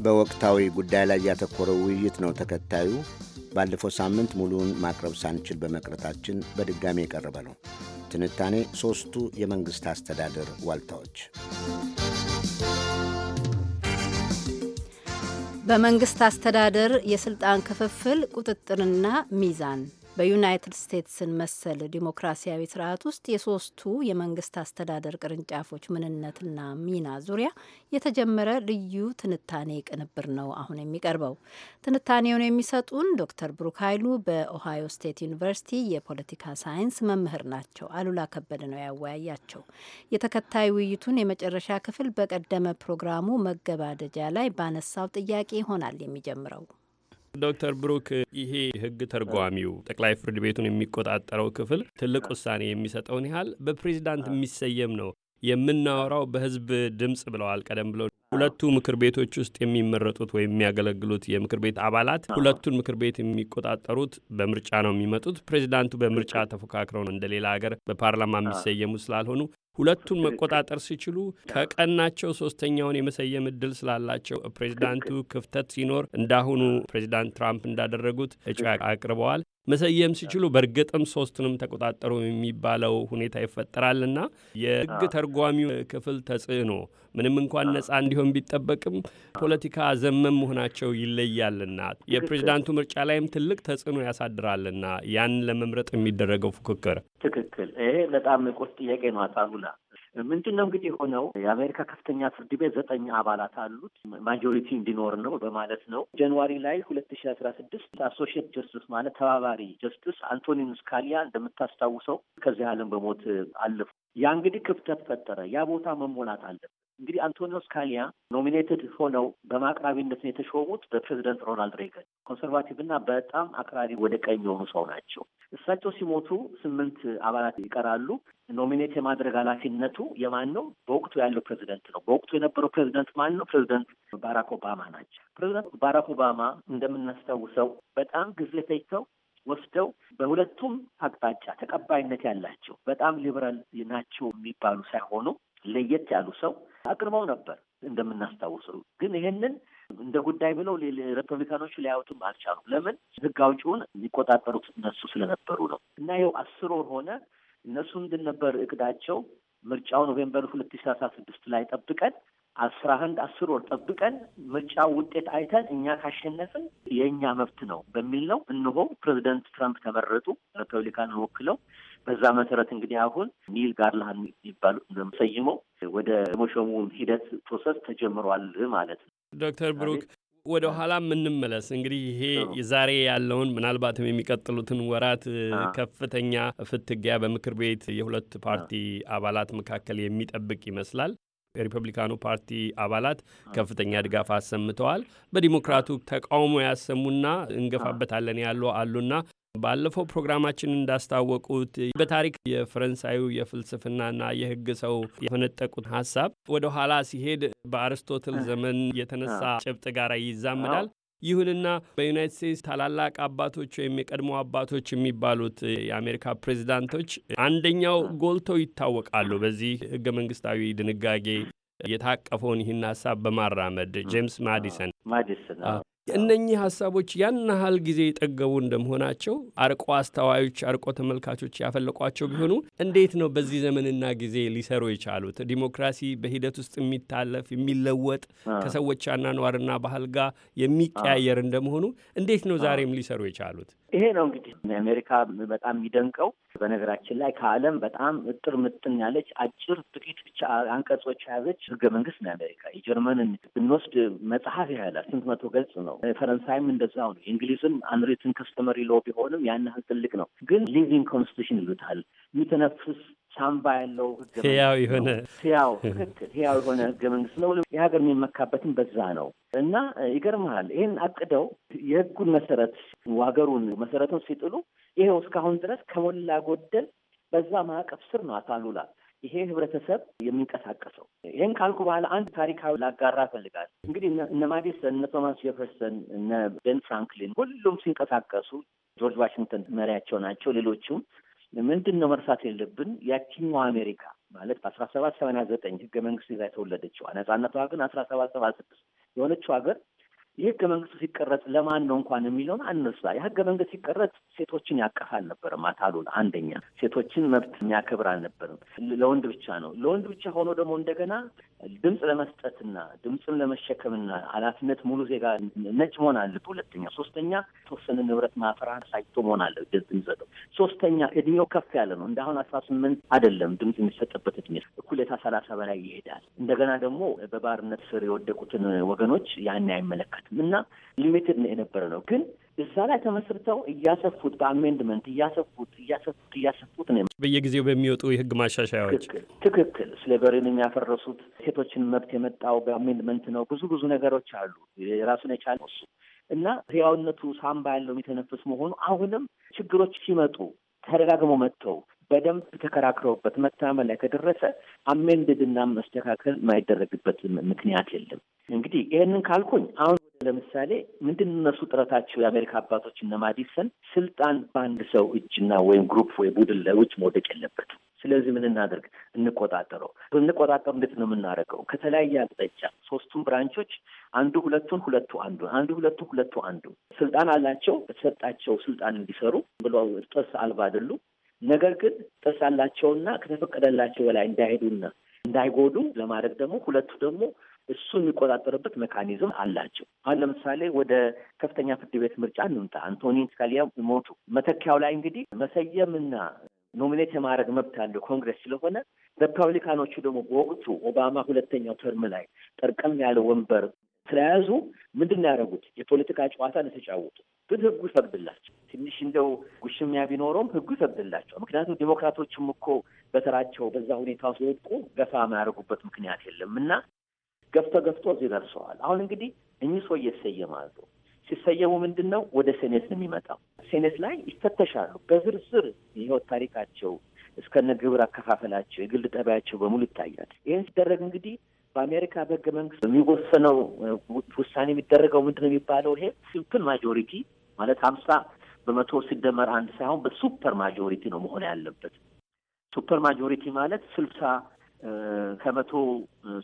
Speaker 1: በወቅታዊ ጉዳይ ላይ ያተኮረው ውይይት ነው ተከታዩ። ባለፈው ሳምንት ሙሉውን ማቅረብ ሳንችል በመቅረታችን በድጋሚ የቀረበ ነው። ትንታኔ ሦስቱ የመንግሥት አስተዳደር ዋልታዎች
Speaker 2: በመንግሥት አስተዳደር የሥልጣን ክፍፍል ቁጥጥርና ሚዛን በዩናይትድ ስቴትስን መሰል ዲሞክራሲያዊ ስርዓት ውስጥ የሶስቱ የመንግስት አስተዳደር ቅርንጫፎች ምንነትና ሚና ዙሪያ የተጀመረ ልዩ ትንታኔ ቅንብር ነው አሁን የሚቀርበው። ትንታኔውን የሚሰጡን ዶክተር ብሩክ ኃይሉ በኦሃዮ ስቴት ዩኒቨርሲቲ የፖለቲካ ሳይንስ መምህር ናቸው። አሉላ ከበደ ነው ያወያያቸው። የተከታይ ውይይቱን የመጨረሻ ክፍል በቀደመ ፕሮግራሙ መገባደጃ ላይ ባነሳው ጥያቄ ይሆናል የሚጀምረው።
Speaker 8: ዶክተር ብሩክ ይሄ ህግ ተርጓሚው ጠቅላይ ፍርድ ቤቱን የሚቆጣጠረው ክፍል ትልቅ ውሳኔ የሚሰጠውን ያህል በፕሬዚዳንት የሚሰየም ነው የምናወራው በህዝብ ድምፅ ብለዋል። ቀደም ብሎ ሁለቱ ምክር ቤቶች ውስጥ የሚመረጡት ወይም የሚያገለግሉት የምክር ቤት አባላት ሁለቱን ምክር ቤት የሚቆጣጠሩት በምርጫ ነው የሚመጡት። ፕሬዚዳንቱ በምርጫ ተፎካክረው ነው እንደሌላ ሀገር በፓርላማ የሚሰየሙ ስላልሆኑ ሁለቱን መቆጣጠር ሲችሉ ከቀናቸው ሶስተኛውን የመሰየም እድል ስላላቸው ፕሬዚዳንቱ ክፍተት ሲኖር እንዳሁኑ ፕሬዚዳንት ትራምፕ እንዳደረጉት እጩ አቅርበዋል። መሰየም ሲችሉ በእርግጥም ሶስቱንም ተቆጣጠሩ የሚባለው ሁኔታ ይፈጠራልና የሕግ ተርጓሚው ክፍል ተጽዕኖ ምንም እንኳን ነጻ እንዲሆን ቢጠበቅም ፖለቲካ ዘመን መሆናቸው ይለያልና የፕሬዚዳንቱ ምርጫ ላይም ትልቅ ተጽዕኖ ያሳድራልና ያን ለመምረጥ የሚደረገው ፉክክር ትክክል።
Speaker 9: ይሄ በጣም ቁስ ጥያቄ ነው። አጣሉላ ምንድን ነው እንግዲህ የሆነው የአሜሪካ ከፍተኛ ፍርድ ቤት ዘጠኝ አባላት አሉት ማጆሪቲ እንዲኖር ነው በማለት ነው። ጀንዋሪ ላይ ሁለት ሺ አስራ ስድስት አሶሺየት ጀስትስ ማለት ተባባሪ ጀስትስ አንቶኒን ስካሊያ እንደምታስታውሰው ከዚህ ዓለም በሞት አለፉ። ያ እንግዲህ ክፍተት ፈጠረ። ያ ቦታ መሞላት አለበት። እንግዲህ አንቶኒዮ ስካሊያ ኖሚኔትድ ሆነው በማቅራቢነት የተሾሙት በፕሬዚደንት ሮናልድ ሬገን። ኮንሰርቫቲቭ እና በጣም አክራሪ ወደ ቀኝ የሆኑ ሰው ናቸው። እሳቸው ሲሞቱ ስምንት አባላት ይቀራሉ። ኖሚኔት የማድረግ ኃላፊነቱ የማን ነው? በወቅቱ ያለው ፕሬዚደንት ነው። በወቅቱ የነበረው ፕሬዚደንት ማን ነው? ፕሬዚደንት ባራክ ኦባማ ናቸው። ፕሬዚደንት ባራክ ኦባማ እንደምናስታውሰው በጣም ጊዜ ፈጅተው ወስደው በሁለቱም አቅጣጫ ተቀባይነት ያላቸው በጣም ሊበራል ናቸው የሚባሉ ሳይሆኑ ለየት ያሉ ሰው አቅርበው ነበር እንደምናስታውሰው። ግን ይህንን እንደ ጉዳይ ብለው ሪፐብሊካኖቹ ሊያዩትም አልቻሉም። ለምን? ህግ አውጪውን የሚቆጣጠሩት እነሱ ስለነበሩ ነው። እና ይኸው አስር ወር ሆነ። እነሱ ምንድን ነበር እቅዳቸው? ምርጫው ኖቬምበር ሁለት ሺህ አስራ ስድስት ላይ ጠብቀን አስራ አንድ አስር ወር ጠብቀን ምርጫ ውጤት አይተን እኛ ካሸነፍን የእኛ መብት ነው በሚል ነው። እንሆ ፕሬዚደንት ትራምፕ ተመረጡ ሪፐብሊካንን ወክለው በዛ መሰረት እንግዲህ አሁን ኒል ጋርላሃን የሚባሉ ሰይመው ወደ መሾሙን ሂደት ፕሮሰስ ተጀምሯል ማለት ነው።
Speaker 8: ዶክተር ብሩክ ወደ ኋላ የምንመለስ እንግዲህ ይሄ ዛሬ ያለውን ምናልባትም የሚቀጥሉትን ወራት ከፍተኛ ፍትጊያ በምክር ቤት የሁለት ፓርቲ አባላት መካከል የሚጠብቅ ይመስላል። የሪፐብሊካኑ ፓርቲ አባላት ከፍተኛ ድጋፍ አሰምተዋል። በዲሞክራቱ ተቃውሞ ያሰሙና እንገፋበታለን ያሉ አሉና ባለፈው ፕሮግራማችን እንዳስታወቁት በታሪክ የፈረንሳዩ የፍልስፍናና የሕግ ሰው የፈነጠቁት ሀሳብ ወደ ኋላ ሲሄድ በአርስቶትል ዘመን የተነሳ ጭብጥ ጋር ይዛመዳል። ይሁንና በዩናይት ስቴትስ ታላላቅ አባቶች ወይም የቀድሞ አባቶች የሚባሉት የአሜሪካ ፕሬዚዳንቶች አንደኛው ጎልተው ይታወቃሉ። በዚህ ህገ መንግስታዊ ድንጋጌ የታቀፈውን ይህን ሀሳብ በማራመድ ጄምስ ማዲሰን ማዲሰን እነኚህ ሀሳቦች ያን ያህል ጊዜ የጠገቡ እንደመሆናቸው አርቆ አስተዋዮች፣ አርቆ ተመልካቾች ያፈለቋቸው ቢሆኑ እንዴት ነው በዚህ ዘመንና ጊዜ ሊሰሩ የቻሉት? ዲሞክራሲ በሂደት ውስጥ የሚታለፍ የሚለወጥ ከሰዎች አኗኗርና ባህል ጋር የሚቀያየር እንደመሆኑ እንዴት ነው ዛሬም ሊሰሩ የቻሉት?
Speaker 9: ይሄ ነው እንግዲህ አሜሪካ በጣም የሚደንቀው። በነገራችን ላይ ከዓለም በጣም እጥር ምጥን ያለች አጭር ጥቂት ብቻ አንቀጾች የያዘች ህገ መንግስት ነው አሜሪካ። የጀርመንን ብንወስድ መጽሐፍ ያህላል ስንት መቶ ገጽ ነው ነው። ፈረንሳይም እንደዛው ነው። እንግሊዝም አንሪትን ከስተመሪ ሎ ቢሆንም ያን ያህል ትልቅ ነው። ግን ሊቪንግ ኮንስቲቱሽን ይሉታል የሚተነፍስ ሳምባ ያለው ህያው የሆነ ያው ትክክል ያው የሆነ ህገ መንግስት ነው። የሀገር የሚመካበትም በዛ ነው እና ይገርመሃል ይህን አቅደው የህጉን መሰረት ዋገሩን መሰረቱን ሲጥሉ ይኸው እስካሁን ድረስ ከሞላ ጎደል በዛ ማዕቀፍ ስር ነው አታሉላ ይሄ ህብረተሰብ የሚንቀሳቀሰው። ይህን ካልኩ በኋላ አንድ ታሪካዊ ላጋራ ፈልጋል። እንግዲህ እነ ማዲሰን፣ እነ ቶማስ ጀፈርሰን፣ እነ ቤን ፍራንክሊን ሁሉም ሲንቀሳቀሱ ጆርጅ ዋሽንግተን መሪያቸው ናቸው። ሌሎችም ምንድን ነው መርሳት የለብን ያችኛው አሜሪካ ማለት በአስራ ሰባት ሰማንያ ዘጠኝ ህገ መንግስት ይዛ የተወለደችዋ ነጻነቷ ግን አስራ ሰባት ሰባ ስድስት የሆነችው ሀገር የህገ መንግስቱ መንግስት ሲቀረጽ ለማን ነው እንኳን የሚለውን አነሳ። የህገ መንግስት ሲቀረጽ ሴቶችን ያቀፍ አልነበረም። አታሉል አንደኛ ሴቶችን መብት የሚያከብር አልነበርም። ለወንድ ብቻ ነው። ለወንድ ብቻ ሆኖ ደግሞ እንደገና ድምፅ ለመስጠትና ድምፅን ለመሸከምና ኃላፊነት ሙሉ ዜጋ ነጭ መሆን አለበት። ሁለተኛ ሶስተኛ የተወሰነ ንብረት ማፈራ ሳይቶ መሆን አለ ድምፅ የሚሰጠው። ሶስተኛ እድሜው ከፍ ያለ ነው። እንደ አሁን አስራ ስምንት አይደለም ድምፅ የሚሰጠበት እድሜ እኩሌታ ሰላሳ በላይ ይሄዳል። እንደገና ደግሞ በባርነት ስር የወደቁትን ወገኖች ያን አይመለከትም እና ሊሚትድ የነበረ ነው ግን እዛ ላይ ተመስርተው እያሰፉት በአሜንድመንት እያሰፉት እያሰፉት እያሰፉት ነው።
Speaker 8: በየጊዜው በሚወጡ የህግ ማሻሻያዎች
Speaker 9: ትክክል ስሌቨሪን የሚያፈረሱት ሴቶችን መብት የመጣው በአሜንድመንት ነው። ብዙ ብዙ ነገሮች አሉ የራሱን የቻለ እሱ እና ህያውነቱ ሳምባ ያለው የሚተነፍስ መሆኑ አሁንም ችግሮች ሲመጡ ተደጋግሞ መጥተው በደንብ ተከራክረውበት መታመን ላይ ከደረሰ አሜንድድና መስተካከል የማይደረግበት ምክንያት የለም። እንግዲህ ይህንን ካልኩኝ አሁን ለምሳሌ ምንድን እነሱ ጥረታቸው የአሜሪካ አባቶች እነ ማዲሰን ስልጣን በአንድ ሰው እጅና ወይም ግሩፕ ወይ ቡድን ለውጭ መውደቅ የለበትም። ስለዚህ ምን እናደርግ? እንቆጣጠረው። እንቆጣጠሩ እንዴት ነው የምናደርገው? ከተለያየ አቅጣጫ ሶስቱም ብራንቾች አንዱ ሁለቱን፣ ሁለቱ አንዱ አንዱ ሁለቱ፣ ሁለቱ አንዱ ስልጣን አላቸው። በተሰጣቸው ስልጣን እንዲሰሩ ብሎ ጥስ አልባ አይደሉ። ነገር ግን ጥርስ አላቸውና ከተፈቀደላቸው በላይ እንዳይሄዱና እንዳይጎዱ ለማድረግ ደግሞ ሁለቱ ደግሞ እሱ የሚቆጣጠርበት ሜካኒዝም አላቸው። አሁን ለምሳሌ ወደ ከፍተኛ ፍርድ ቤት ምርጫ እንምጣ። አንቶኒ ስካሊያ ሞቱ። መተኪያው ላይ እንግዲህ መሰየምና ኖሚኔት የማድረግ መብት ያለው ኮንግረስ ስለሆነ ሪፐብሊካኖቹ ደግሞ በወቅቱ ኦባማ ሁለተኛው ተርም ላይ ጠርቀም ያለ ወንበር ስለያዙ ምንድን ያደረጉት የፖለቲካ ጨዋታ የተጫወቱ ግን ህጉ ይፈቅድላቸው። ትንሽ እንደው ጉሽሚያ ቢኖረውም ህጉ ይፈቅድላቸው። ምክንያቱም ዴሞክራቶችም እኮ በተራቸው በዛ ሁኔታ ውስጥ ገፋ የማያደርጉበት ምክንያት የለም እና ገፍቶ ገፍቶ እዚህ ደርሰዋል። አሁን እንግዲህ እኚህ ሰው እየተሰየማሉ። ሲሰየሙ ምንድን ነው ወደ ሴኔት ነው የሚመጣው። ሴኔት ላይ ይፈተሻሉ በዝርዝር የህይወት ታሪካቸው እስከነ ግብር አከፋፈላቸው፣ የግል ጠባያቸው በሙሉ ይታያል። ይህን ሲደረግ እንግዲህ በአሜሪካ በህገ መንግስት የሚወሰነው ውሳኔ የሚደረገው ምንድን ነው የሚባለው? ይሄ ሲምፕል ማጆሪቲ ማለት ሀምሳ በመቶ ሲደመር አንድ ሳይሆን በሱፐር ማጆሪቲ ነው መሆን ያለበት። ሱፐር ማጆሪቲ ማለት ስልሳ ከመቶ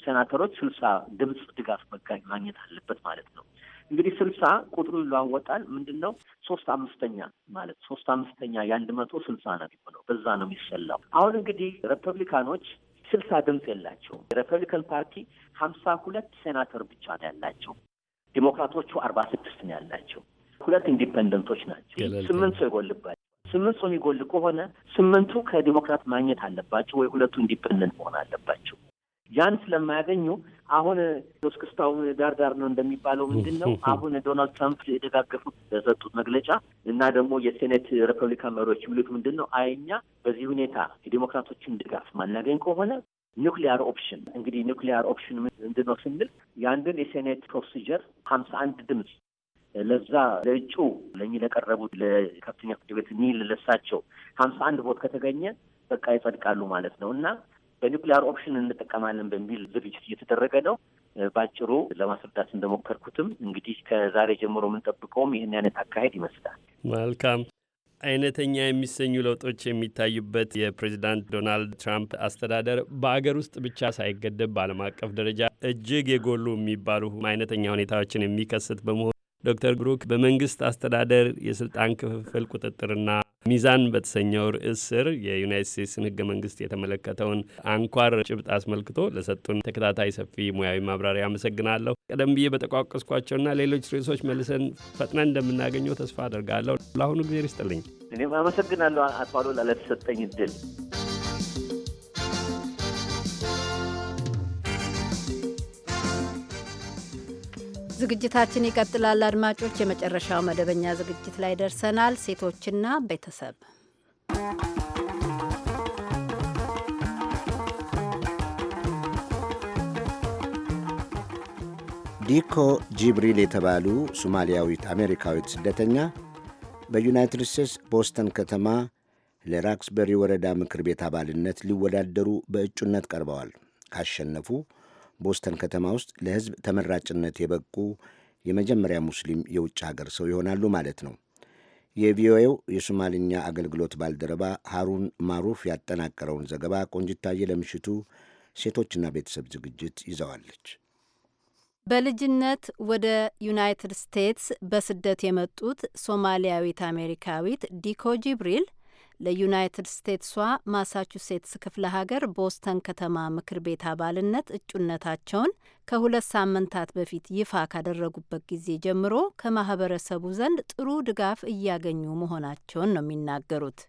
Speaker 9: ሴናተሮች ስልሳ ድምፅ ድጋፍ መጋኝ ማግኘት አለበት ማለት ነው። እንግዲህ ስልሳ ቁጥሩ ይለዋወጣል። ምንድን ነው ሶስት አምስተኛ ማለት ሶስት አምስተኛ የአንድ መቶ ስልሳ ነው የሚሆነው። በዛ ነው የሚሰላው። አሁን እንግዲህ ሪፐብሊካኖች ስልሳ ድምፅ የላቸውም። የሪፐብሊካን ፓርቲ ሀምሳ ሁለት ሴናተር ብቻ ነው ያላቸው። ዲሞክራቶቹ አርባ ስድስት ነው ያላቸው። ሁለት ኢንዲፐንደንቶች ናቸው። ስምንት ሰው ይጎልባቸው። ስምንት ሰው የሚጎል ከሆነ ስምንቱ ከዲሞክራት ማግኘት አለባቸው ወይ ሁለቱ ኢንዲፐንደንት መሆን አለባቸው። ያን ስለማያገኙ አሁን እስክስታው ዳር ዳር ነው እንደሚባለው ምንድን ነው አሁን ዶናልድ ትራምፕ የደጋገፉት በሰጡት መግለጫ እና ደግሞ የሴኔት ሪፐብሊካን መሪዎች የሚሉት ምንድን ነው አይኛ በዚህ ሁኔታ የዴሞክራቶችን ድጋፍ ማናገኝ ከሆነ ኒክሊያር ኦፕሽን እንግዲህ ኒክሊያር ኦፕሽን ምንድን ነው ስንል የአንድን የሴኔት ፕሮሲጀር ሀምሳ አንድ ድምፅ ለዛ ለእጩ ለእኚ ለቀረቡት ለከፍተኛ ፍርድ ቤት ኒል ለሳቸው ሀምሳ አንድ ቦት ከተገኘ በቃ ይጸድቃሉ ማለት ነው እና በኒውክሊያር ኦፕሽን እንጠቀማለን በሚል ዝግጅት እየተደረገ ነው። ባጭሩ ለማስረዳት እንደሞከርኩትም እንግዲህ ከዛሬ ጀምሮ የምንጠብቀውም ይህን አይነት አካሄድ
Speaker 8: ይመስላል። መልካም አይነተኛ የሚሰኙ ለውጦች የሚታዩበት የፕሬዚዳንት ዶናልድ ትራምፕ አስተዳደር በአገር ውስጥ ብቻ ሳይገደብ በዓለም አቀፍ ደረጃ እጅግ የጎሉ የሚባሉ አይነተኛ ሁኔታዎችን የሚከሰት በመሆኑ ዶክተር ብሩክ በመንግስት አስተዳደር የስልጣን ክፍፍል ቁጥጥርና ሚዛን በተሰኘው ርዕስ ስር የዩናይት ስቴትስን ህገ መንግስት የተመለከተውን አንኳር ጭብጥ አስመልክቶ ለሰጡን ተከታታይ ሰፊ ሙያዊ ማብራሪያ አመሰግናለሁ። ቀደም ብዬ በጠቋቀስኳቸውና ሌሎች ርዕሶች መልሰን ፈጥነን እንደምናገኘው ተስፋ አድርጋለሁ። ለአሁኑ ጊዜ ይስጥልኝ።
Speaker 9: እኔም አመሰግናለሁ አቶ አሉላ ለተሰጠኝ እድል።
Speaker 2: ዝግጅታችን ይቀጥላል። አድማጮች፣ የመጨረሻው መደበኛ ዝግጅት ላይ ደርሰናል። ሴቶችና ቤተሰብ
Speaker 1: ዲኮ ጂብሪል የተባሉ ሶማሊያዊት አሜሪካዊት ስደተኛ በዩናይትድ ስቴትስ ቦስተን ከተማ ለራክስበሪ ወረዳ ምክር ቤት አባልነት ሊወዳደሩ በእጩነት ቀርበዋል። ካሸነፉ ቦስተን ከተማ ውስጥ ለሕዝብ ተመራጭነት የበቁ የመጀመሪያ ሙስሊም የውጭ ሀገር ሰው ይሆናሉ ማለት ነው። የቪኦኤው የሶማልኛ አገልግሎት ባልደረባ ሃሩን ማሩፍ ያጠናቀረውን ዘገባ ቆንጅታየ ለምሽቱ ሴቶችና ቤተሰብ ዝግጅት ይዘዋለች።
Speaker 2: በልጅነት ወደ ዩናይትድ ስቴትስ በስደት የመጡት ሶማሊያዊት አሜሪካዊት ዲኮ ጅብሪል ለዩናይትድ ስቴትሷ ማሳቹሴትስ ክፍለ ሀገር ቦስተን ከተማ ምክር ቤት አባልነት እጩነታቸውን ከሁለት ሳምንታት በፊት ይፋ ካደረጉበት ጊዜ ጀምሮ ከማህበረሰቡ ዘንድ ጥሩ ድጋፍ እያገኙ መሆናቸውን ነው የሚናገሩት።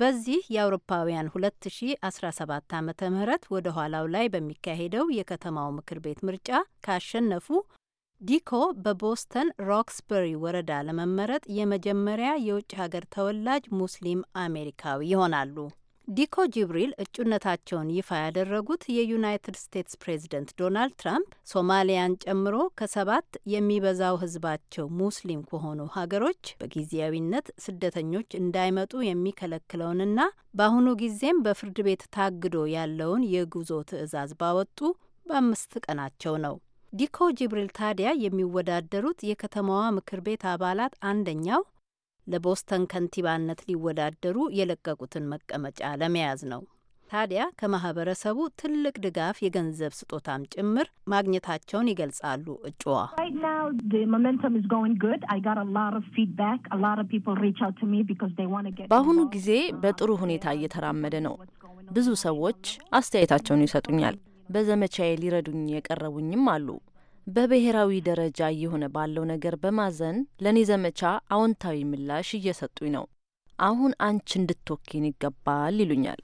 Speaker 2: በዚህ የአውሮፓውያን 2017 ዓ ም ወደ ኋላው ላይ በሚካሄደው የከተማው ምክር ቤት ምርጫ ካሸነፉ ዲኮ በቦስተን ሮክስበሪ ወረዳ ለመመረጥ የመጀመሪያ የውጭ ሀገር ተወላጅ ሙስሊም አሜሪካዊ ይሆናሉ። ዲኮ ጅብሪል እጩነታቸውን ይፋ ያደረጉት የዩናይትድ ስቴትስ ፕሬዝደንት ዶናልድ ትራምፕ ሶማሊያን ጨምሮ ከሰባት የሚበዛው ሕዝባቸው ሙስሊም ከሆኑ ሀገሮች በጊዜያዊነት ስደተኞች እንዳይመጡ የሚከለክለውንና በአሁኑ ጊዜም በፍርድ ቤት ታግዶ ያለውን የጉዞ ትዕዛዝ ባወጡ በአምስት ቀናቸው ነው። ዲኮ ጅብሪል ታዲያ የሚወዳደሩት የከተማዋ ምክር ቤት አባላት አንደኛው ለቦስተን ከንቲባነት ሊወዳደሩ የለቀቁትን መቀመጫ ለመያዝ ነው። ታዲያ ከማህበረሰቡ ትልቅ ድጋፍ፣ የገንዘብ ስጦታም ጭምር ማግኘታቸውን ይገልጻሉ። እጩዋ
Speaker 15: በአሁኑ ጊዜ በጥሩ ሁኔታ እየተራመደ ነው። ብዙ ሰዎች አስተያየታቸውን ይሰጡኛል። በዘመቻዬ ሊረዱኝ የቀረቡኝም አሉ። በብሔራዊ ደረጃ እየሆነ ባለው ነገር በማዘን ለእኔ ዘመቻ አዎንታዊ ምላሽ እየሰጡኝ ነው። አሁን አንቺ እንድትወኪን ይገባል ይሉኛል።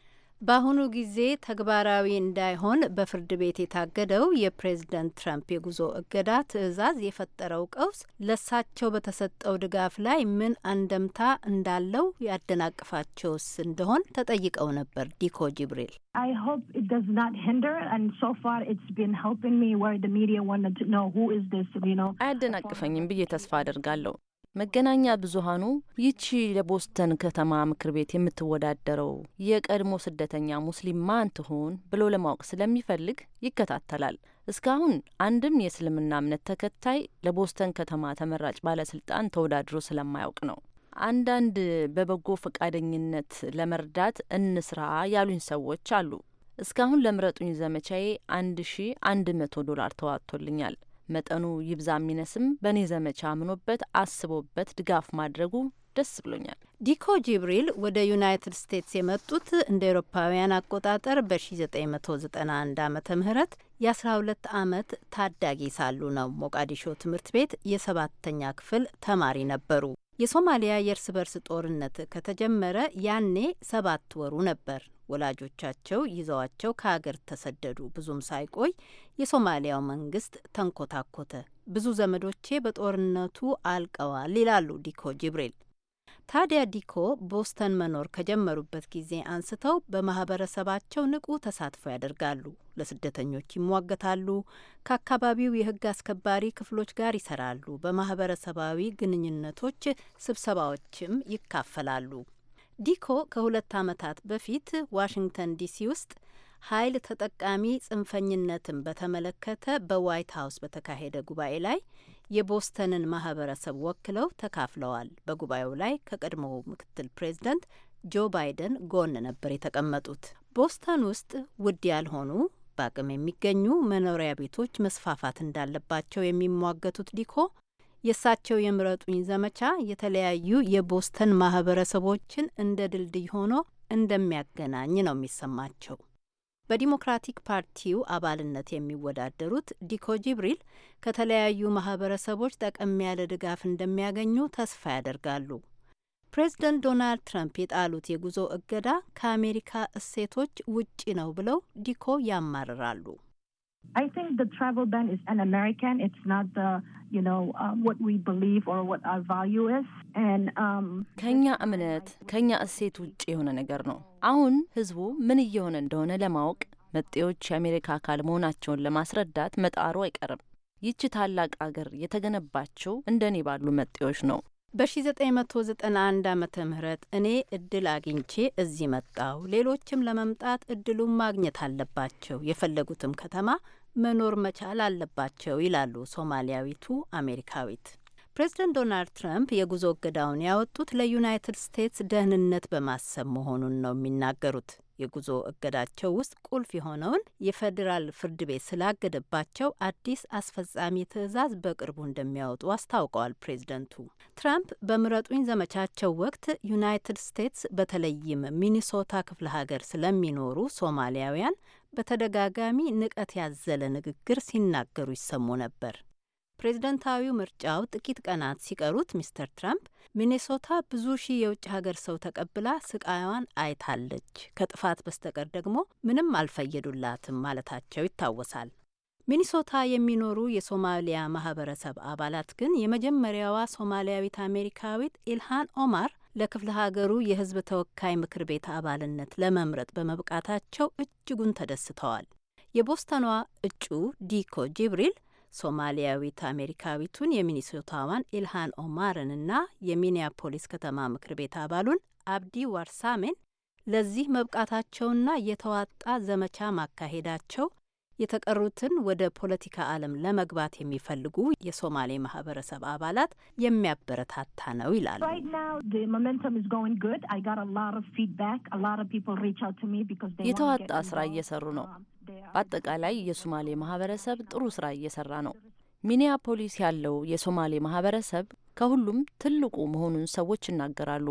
Speaker 2: በአሁኑ ጊዜ ተግባራዊ እንዳይሆን በፍርድ ቤት የታገደው የፕሬዝደንት ትራምፕ የጉዞ እገዳ ትዕዛዝ የፈጠረው ቀውስ ለሳቸው በተሰጠው ድጋፍ ላይ ምን አንደምታ እንዳለው ያደናቅፋቸውስ እንደሆን ተጠይቀው ነበር ዲኮ ጅብሪል።
Speaker 15: I hope it does not hinder and so far it's been helping me where the media wanted to know who is this, you know. አያደናቅፈኝም ብዬ ተስፋ አደርጋለሁ። መገናኛ ብዙሃኑ ይቺ ለቦስተን ከተማ ምክር ቤት የምትወዳደረው የቀድሞ ስደተኛ ሙስሊም ማን ትሆን ብሎ ለማወቅ ስለሚፈልግ ይከታተላል። እስካሁን አንድም የእስልምና እምነት ተከታይ ለቦስተን ከተማ ተመራጭ ባለስልጣን ተወዳድሮ ስለማያውቅ ነው። አንዳንድ በበጎ ፈቃደኝነት ለመርዳት እንስራ ያሉኝ ሰዎች አሉ። እስካሁን ለምረጡኝ ዘመቻዬ አንድ ሺ አንድ መቶ ዶላር ተዋጥቶልኛል። መጠኑ ይብዛ የሚነስም በእኔ ዘመቻ አምኖበት አስቦበት ድጋፍ ማድረጉ ደስ ብሎኛል።
Speaker 2: ዲኮ ጂብሪል ወደ ዩናይትድ ስቴትስ የመጡት እንደ ኤሮፓውያን አቆጣጠር በ1991 ዓመተ ምህረት የ12 ዓመት ታዳጊ ሳሉ ነው። ሞቃዲሾ ትምህርት ቤት የሰባተኛ ክፍል ተማሪ ነበሩ። የሶማሊያ የእርስ በርስ ጦርነት ከተጀመረ ያኔ ሰባት ወሩ ነበር። ወላጆቻቸው ይዘዋቸው ከሀገር ተሰደዱ። ብዙም ሳይቆይ የሶማሊያው መንግስት ተንኮታኮተ። ብዙ ዘመዶቼ በጦርነቱ አልቀዋል ይላሉ ዲኮ ጅብሪል። ታዲያ ዲኮ ቦስተን መኖር ከጀመሩበት ጊዜ አንስተው በማህበረሰባቸው ንቁ ተሳትፎ ያደርጋሉ። ለስደተኞች ይሟገታሉ። ከአካባቢው የህግ አስከባሪ ክፍሎች ጋር ይሰራሉ። በማህበረሰባዊ ግንኙነቶች ስብሰባዎችም ይካፈላሉ። ዲኮ ከሁለት ዓመታት በፊት ዋሽንግተን ዲሲ ውስጥ ኃይል ተጠቃሚ ጽንፈኝነትን በተመለከተ በዋይት ሀውስ በተካሄደ ጉባኤ ላይ የቦስተንን ማህበረሰብ ወክለው ተካፍለዋል። በጉባኤው ላይ ከቀድሞው ምክትል ፕሬዚደንት ጆ ባይደን ጎን ነበር የተቀመጡት። ቦስተን ውስጥ ውድ ያልሆኑ በአቅም የሚገኙ መኖሪያ ቤቶች መስፋፋት እንዳለባቸው የሚሟገቱት ዲኮ የእሳቸው የምረጡኝ ዘመቻ የተለያዩ የቦስተን ማህበረሰቦችን እንደ ድልድይ ሆኖ እንደሚያገናኝ ነው የሚሰማቸው። በዲሞክራቲክ ፓርቲው አባልነት የሚወዳደሩት ዲኮ ጂብሪል ከተለያዩ ማህበረሰቦች ጠቀም ያለ ድጋፍ እንደሚያገኙ ተስፋ ያደርጋሉ። ፕሬዝደንት ዶናልድ ትራምፕ የጣሉት የጉዞ እገዳ ከአሜሪካ እሴቶች ውጪ ነው ብለው ዲኮ ያማርራሉ።
Speaker 15: I think the travel ban is an American. It's not the you know um, what we believe or what our value is. And um, ከኛ እምነት ከኛ እሴት ውጭ የሆነ ነገር ነው። አሁን ህዝቡ ምን እየሆነ እንደሆነ ለማወቅ መጤዎች የአሜሪካ አካል መሆናቸውን ለማስረዳት መጣሩ አይቀርም።
Speaker 2: ይቺ ታላቅ አገር የተገነባችው እንደኔ ባሉ መጤዎች ነው። በ1991 ዓ ም እኔ እድል አግኝቼ እዚህ መጣው። ሌሎችም ለመምጣት እድሉን ማግኘት አለባቸው፣ የፈለጉትም ከተማ መኖር መቻል አለባቸው ይላሉ ሶማሊያዊቱ አሜሪካዊት። ፕሬዝደንት ዶናልድ ትራምፕ የጉዞ እገዳውን ያወጡት ለዩናይትድ ስቴትስ ደህንነት በማሰብ መሆኑን ነው የሚናገሩት። የጉዞ እገዳቸው ውስጥ ቁልፍ የሆነውን የፌዴራል ፍርድ ቤት ስላገደባቸው አዲስ አስፈጻሚ ትዕዛዝ በቅርቡ እንደሚያወጡ አስታውቀዋል። ፕሬዚደንቱ ትራምፕ በምረጡኝ ዘመቻቸው ወቅት ዩናይትድ ስቴትስ በተለይም ሚኒሶታ ክፍለ ሀገር ስለሚኖሩ ሶማሊያውያን በተደጋጋሚ ንቀት ያዘለ ንግግር ሲናገሩ ይሰሙ ነበር። ፕሬዝደንታዊው ምርጫው ጥቂት ቀናት ሲቀሩት ሚስተር ትራምፕ ሚኔሶታ ብዙ ሺህ የውጭ ሀገር ሰው ተቀብላ ስቃይዋን አይታለች፣ ከጥፋት በስተቀር ደግሞ ምንም አልፈየዱላትም ማለታቸው ይታወሳል። ሚኒሶታ የሚኖሩ የሶማሊያ ማህበረሰብ አባላት ግን የመጀመሪያዋ ሶማሊያዊት አሜሪካዊት ኢልሃን ኦማር ለክፍለ ሀገሩ የህዝብ ተወካይ ምክር ቤት አባልነት ለመምረጥ በመብቃታቸው እጅጉን ተደስተዋል። የቦስተኗ እጩ ዲኮ ጅብሪል ሶማሊያዊት አሜሪካዊቱን የሚኒሶታዋን ኢልሃን ኦማርን የሚኒያፖሊስ ከተማ ምክር ቤት አባሉን አብዲ ዋርሳሜን ለዚህ መብቃታቸውና የተዋጣ ዘመቻ ማካሄዳቸው የተቀሩትን ወደ ፖለቲካ ዓለም ለመግባት የሚፈልጉ የሶማሌ ማህበረሰብ አባላት የሚያበረታታ ነው ይላሉ።
Speaker 15: የተዋጣ ስራ እየሰሩ ነው። በአጠቃላይ የሶማሌ ማህበረሰብ ጥሩ ስራ እየሰራ ነው። ሚኒያፖሊስ ያለው የሶማሌ ማህበረሰብ ከሁሉም ትልቁ መሆኑን ሰዎች ይናገራሉ።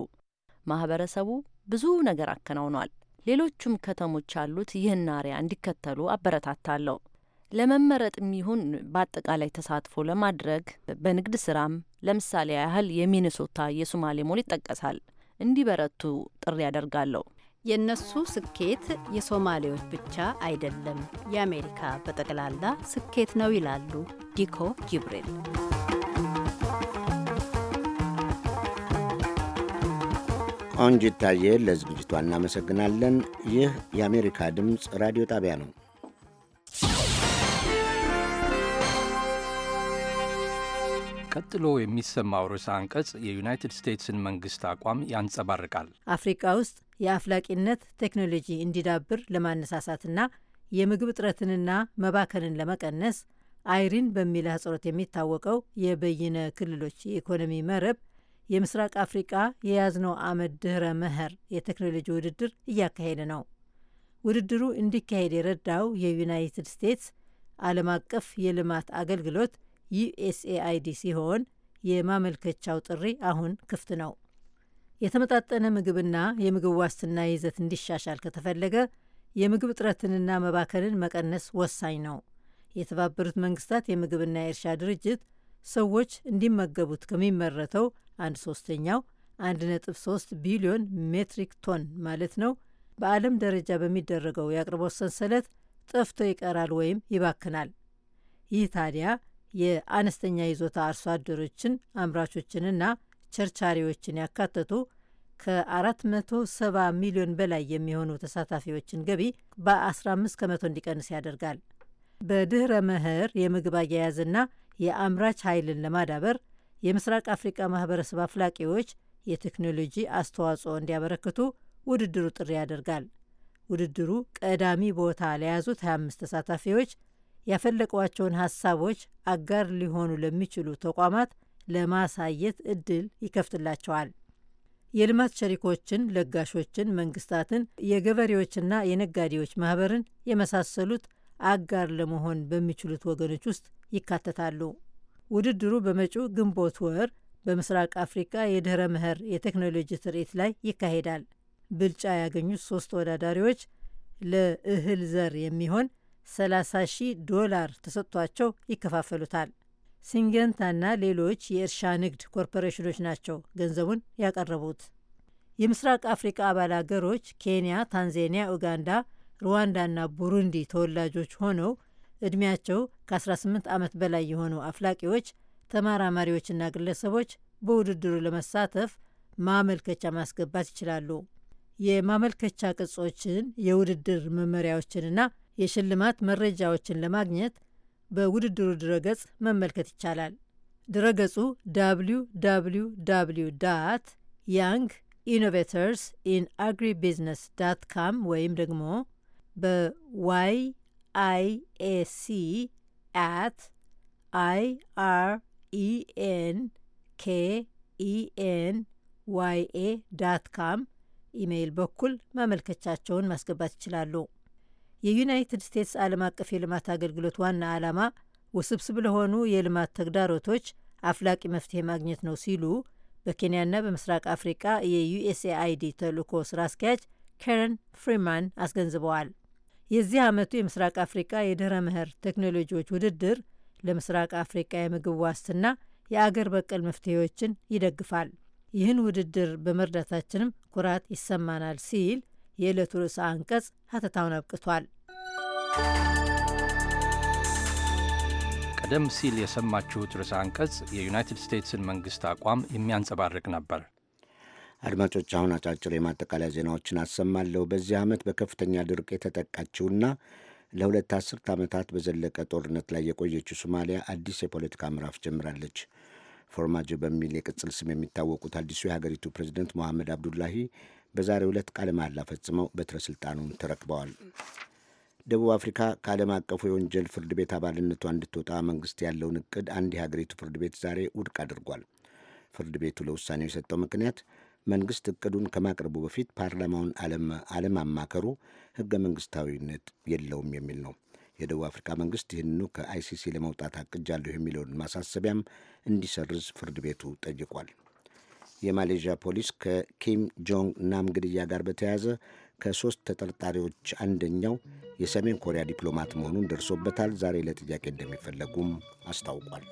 Speaker 15: ማህበረሰቡ ብዙ ነገር አከናውኗል። ሌሎቹም ከተሞች ያሉት ይህን አርያ እንዲከተሉ አበረታታለሁ። ለመመረጥ የሚሆን በአጠቃላይ ተሳትፎ ለማድረግ በንግድ ስራም ለምሳሌ ያህል የሚኒሶታ የሶማሌ
Speaker 2: ሞል ይጠቀሳል እንዲበረቱ ጥሪ ያደርጋለሁ። የእነሱ ስኬት የሶማሌዎች ብቻ አይደለም፣ የአሜሪካ በጠቅላላ ስኬት ነው ይላሉ ዲኮ ጅብሪል።
Speaker 1: ቆንጂት ታየ ለዝግጅቷ እናመሰግናለን። ይህ የአሜሪካ ድምፅ ራዲዮ ጣቢያ ነው።
Speaker 8: ቀጥሎ የሚሰማው ርዕሰ አንቀጽ የዩናይትድ ስቴትስን መንግሥት አቋም ያንጸባርቃል።
Speaker 12: አፍሪካ ውስጥ የአፍላቂነት ቴክኖሎጂ እንዲዳብር ለማነሳሳትና የምግብ እጥረትንና መባከንን ለመቀነስ አይሪን በሚል አህጽሮት የሚታወቀው የበይነ ክልሎች የኢኮኖሚ መረብ የምስራቅ አፍሪቃ የያዝነው ዓመት ድኅረ መኸር የቴክኖሎጂ ውድድር እያካሄደ ነው። ውድድሩ እንዲካሄድ የረዳው የዩናይትድ ስቴትስ ዓለም አቀፍ የልማት አገልግሎት ዩኤስኤአይዲ ሲሆን የማመልከቻው ጥሪ አሁን ክፍት ነው። የተመጣጠነ ምግብና የምግብ ዋስትና ይዘት እንዲሻሻል ከተፈለገ የምግብ እጥረትንና መባከንን መቀነስ ወሳኝ ነው። የተባበሩት መንግስታት የምግብና የእርሻ ድርጅት ሰዎች እንዲመገቡት ከሚመረተው አንድ ሶስተኛው 1.3 ቢሊዮን ሜትሪክ ቶን ማለት ነው በዓለም ደረጃ በሚደረገው የአቅርቦት ሰንሰለት ጠፍቶ ይቀራል ወይም ይባክናል። ይህ ታዲያ የአነስተኛ ይዞታ አርሶ አደሮችን፣ አምራቾችንና ቸርቻሪዎችን ያካተቱ ከ470 ሚሊዮን በላይ የሚሆኑ ተሳታፊዎችን ገቢ በ15 ከመቶ እንዲቀንስ ያደርጋል። በድህረ መኸር የምግብ አያያዝና የአምራች ኃይልን ለማዳበር የምስራቅ አፍሪቃ ማህበረሰብ አፍላቂዎች የቴክኖሎጂ አስተዋጽኦ እንዲያበረክቱ ውድድሩ ጥሪ ያደርጋል። ውድድሩ ቀዳሚ ቦታ ለያዙት 25 ተሳታፊዎች ያፈለቋቸውን ሀሳቦች አጋር ሊሆኑ ለሚችሉ ተቋማት ለማሳየት እድል ይከፍትላቸዋል። የልማት ሸሪኮችን፣ ለጋሾችን፣ መንግስታትን፣ የገበሬዎችና የነጋዴዎች ማህበርን የመሳሰሉት አጋር ለመሆን በሚችሉት ወገኖች ውስጥ ይካተታሉ። ውድድሩ በመጪው ግንቦት ወር በምስራቅ አፍሪካ የድኅረ ምኸር የቴክኖሎጂ ትርኢት ላይ ይካሄዳል። ብልጫ ያገኙት ሶስት ተወዳዳሪዎች ለእህል ዘር የሚሆን 30 ሺህ ዶላር ተሰጥቷቸው ይከፋፈሉታል። ሲንገንታና ሌሎች የእርሻ ንግድ ኮርፖሬሽኖች ናቸው ገንዘቡን ያቀረቡት። የምስራቅ አፍሪካ አባል አገሮች ኬንያ፣ ታንዛኒያ፣ ኡጋንዳ፣ ሩዋንዳና ቡሩንዲ ተወላጆች ሆነው እድሜያቸው ከ18 ዓመት በላይ የሆኑ አፍላቂዎች፣ ተመራማሪዎችና ግለሰቦች በውድድሩ ለመሳተፍ ማመልከቻ ማስገባት ይችላሉ። የማመልከቻ ቅጾችን፣ የውድድር መመሪያዎችንና የሽልማት መረጃዎችን ለማግኘት በውድድሩ ድረገጽ መመልከት ይቻላል። ድረገጹ www ዳት ያንግ ኢኖቬተርስ ኢን አግሪ ቢዝነስ ዳት ካም ወይም ደግሞ በዋይ አይኤሲ አት አይ አር ኢኤን ኬ ኢኤን ዋይ ኤ ዳት ካም ኢሜይል በኩል ማመልከቻቸውን ማስገባት ይችላሉ። የዩናይትድ ስቴትስ ዓለም አቀፍ የልማት አገልግሎት ዋና ዓላማ ውስብስብ ለሆኑ የልማት ተግዳሮቶች አፍላቂ መፍትሄ ማግኘት ነው ሲሉ በኬንያና በምስራቅ አፍሪቃ የዩኤስኤአይዲ ተልእኮ ስራ አስኪያጅ ካረን ፍሪማን አስገንዝበዋል። የዚህ ዓመቱ የምስራቅ አፍሪቃ የድህረ መኸር ቴክኖሎጂዎች ውድድር ለምስራቅ አፍሪቃ የምግብ ዋስትና የአገር በቀል መፍትሄዎችን ይደግፋል። ይህን ውድድር በመርዳታችንም ኩራት ይሰማናል ሲል የዕለቱ ርዕሰ አንቀጽ ሀተታውን አብቅቷል።
Speaker 8: ቀደም ሲል የሰማችሁት ርዕሰ አንቀጽ የዩናይትድ ስቴትስን መንግስት አቋም የሚያንጸባርቅ ነበር።
Speaker 1: አድማጮች፣ አሁን አጫጭር የማጠቃለያ ዜናዎችን አሰማለሁ። በዚህ ዓመት በከፍተኛ ድርቅ የተጠቃችውና ለሁለት አስርት ዓመታት በዘለቀ ጦርነት ላይ የቆየችው ሶማሊያ አዲስ የፖለቲካ ምዕራፍ ጀምራለች። ፎርማጆ በሚል የቅጽል ስም የሚታወቁት አዲሱ የሀገሪቱ ፕሬዚደንት ሞሐመድ አብዱላሂ በዛሬ ዕለት ቃለ መሐላ ፈጽመው በትረ ስልጣኑን ተረክበዋል። ደቡብ አፍሪካ ከዓለም አቀፉ የወንጀል ፍርድ ቤት አባልነቷ እንድትወጣ መንግስት ያለውን እቅድ አንድ የሀገሪቱ ፍርድ ቤት ዛሬ ውድቅ አድርጓል። ፍርድ ቤቱ ለውሳኔው የሰጠው ምክንያት መንግስት እቅዱን ከማቅረቡ በፊት ፓርላማውን አለማማከሩ ሕገ መንግስታዊነት የለውም የሚል ነው። የደቡብ አፍሪካ መንግስት ይህንኑ ከአይሲሲ ለመውጣት አቅጃለሁ የሚለውን ማሳሰቢያም እንዲሰርዝ ፍርድ ቤቱ ጠይቋል። የማሌዥያ ፖሊስ ከኪም ጆንግ ናም ግድያ ጋር በተያያዘ ከሦስት ተጠርጣሪዎች አንደኛው የሰሜን ኮሪያ ዲፕሎማት መሆኑን ደርሶበታል። ዛሬ ለጥያቄ እንደሚፈለጉም
Speaker 9: አስታውቋል።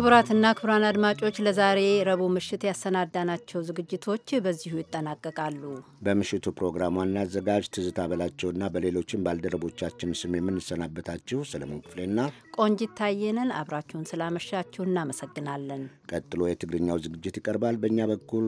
Speaker 2: ክቡራትና ክቡራን አድማጮች ለዛሬ ረቡዕ ምሽት ያሰናዳናቸው ዝግጅቶች በዚሁ ይጠናቀቃሉ።
Speaker 1: በምሽቱ ፕሮግራም ዋና አዘጋጅ ትዝታ በላቸውና በሌሎችም ባልደረቦቻችን ስም የምንሰናበታችሁ ሰለሞን ክፍሌና
Speaker 2: ቆንጂት ታየንን አብራችሁን ስላመሻችሁ እናመሰግናለን።
Speaker 7: ቀጥሎ የትግርኛው ዝግጅት ይቀርባል። በእኛ በኩል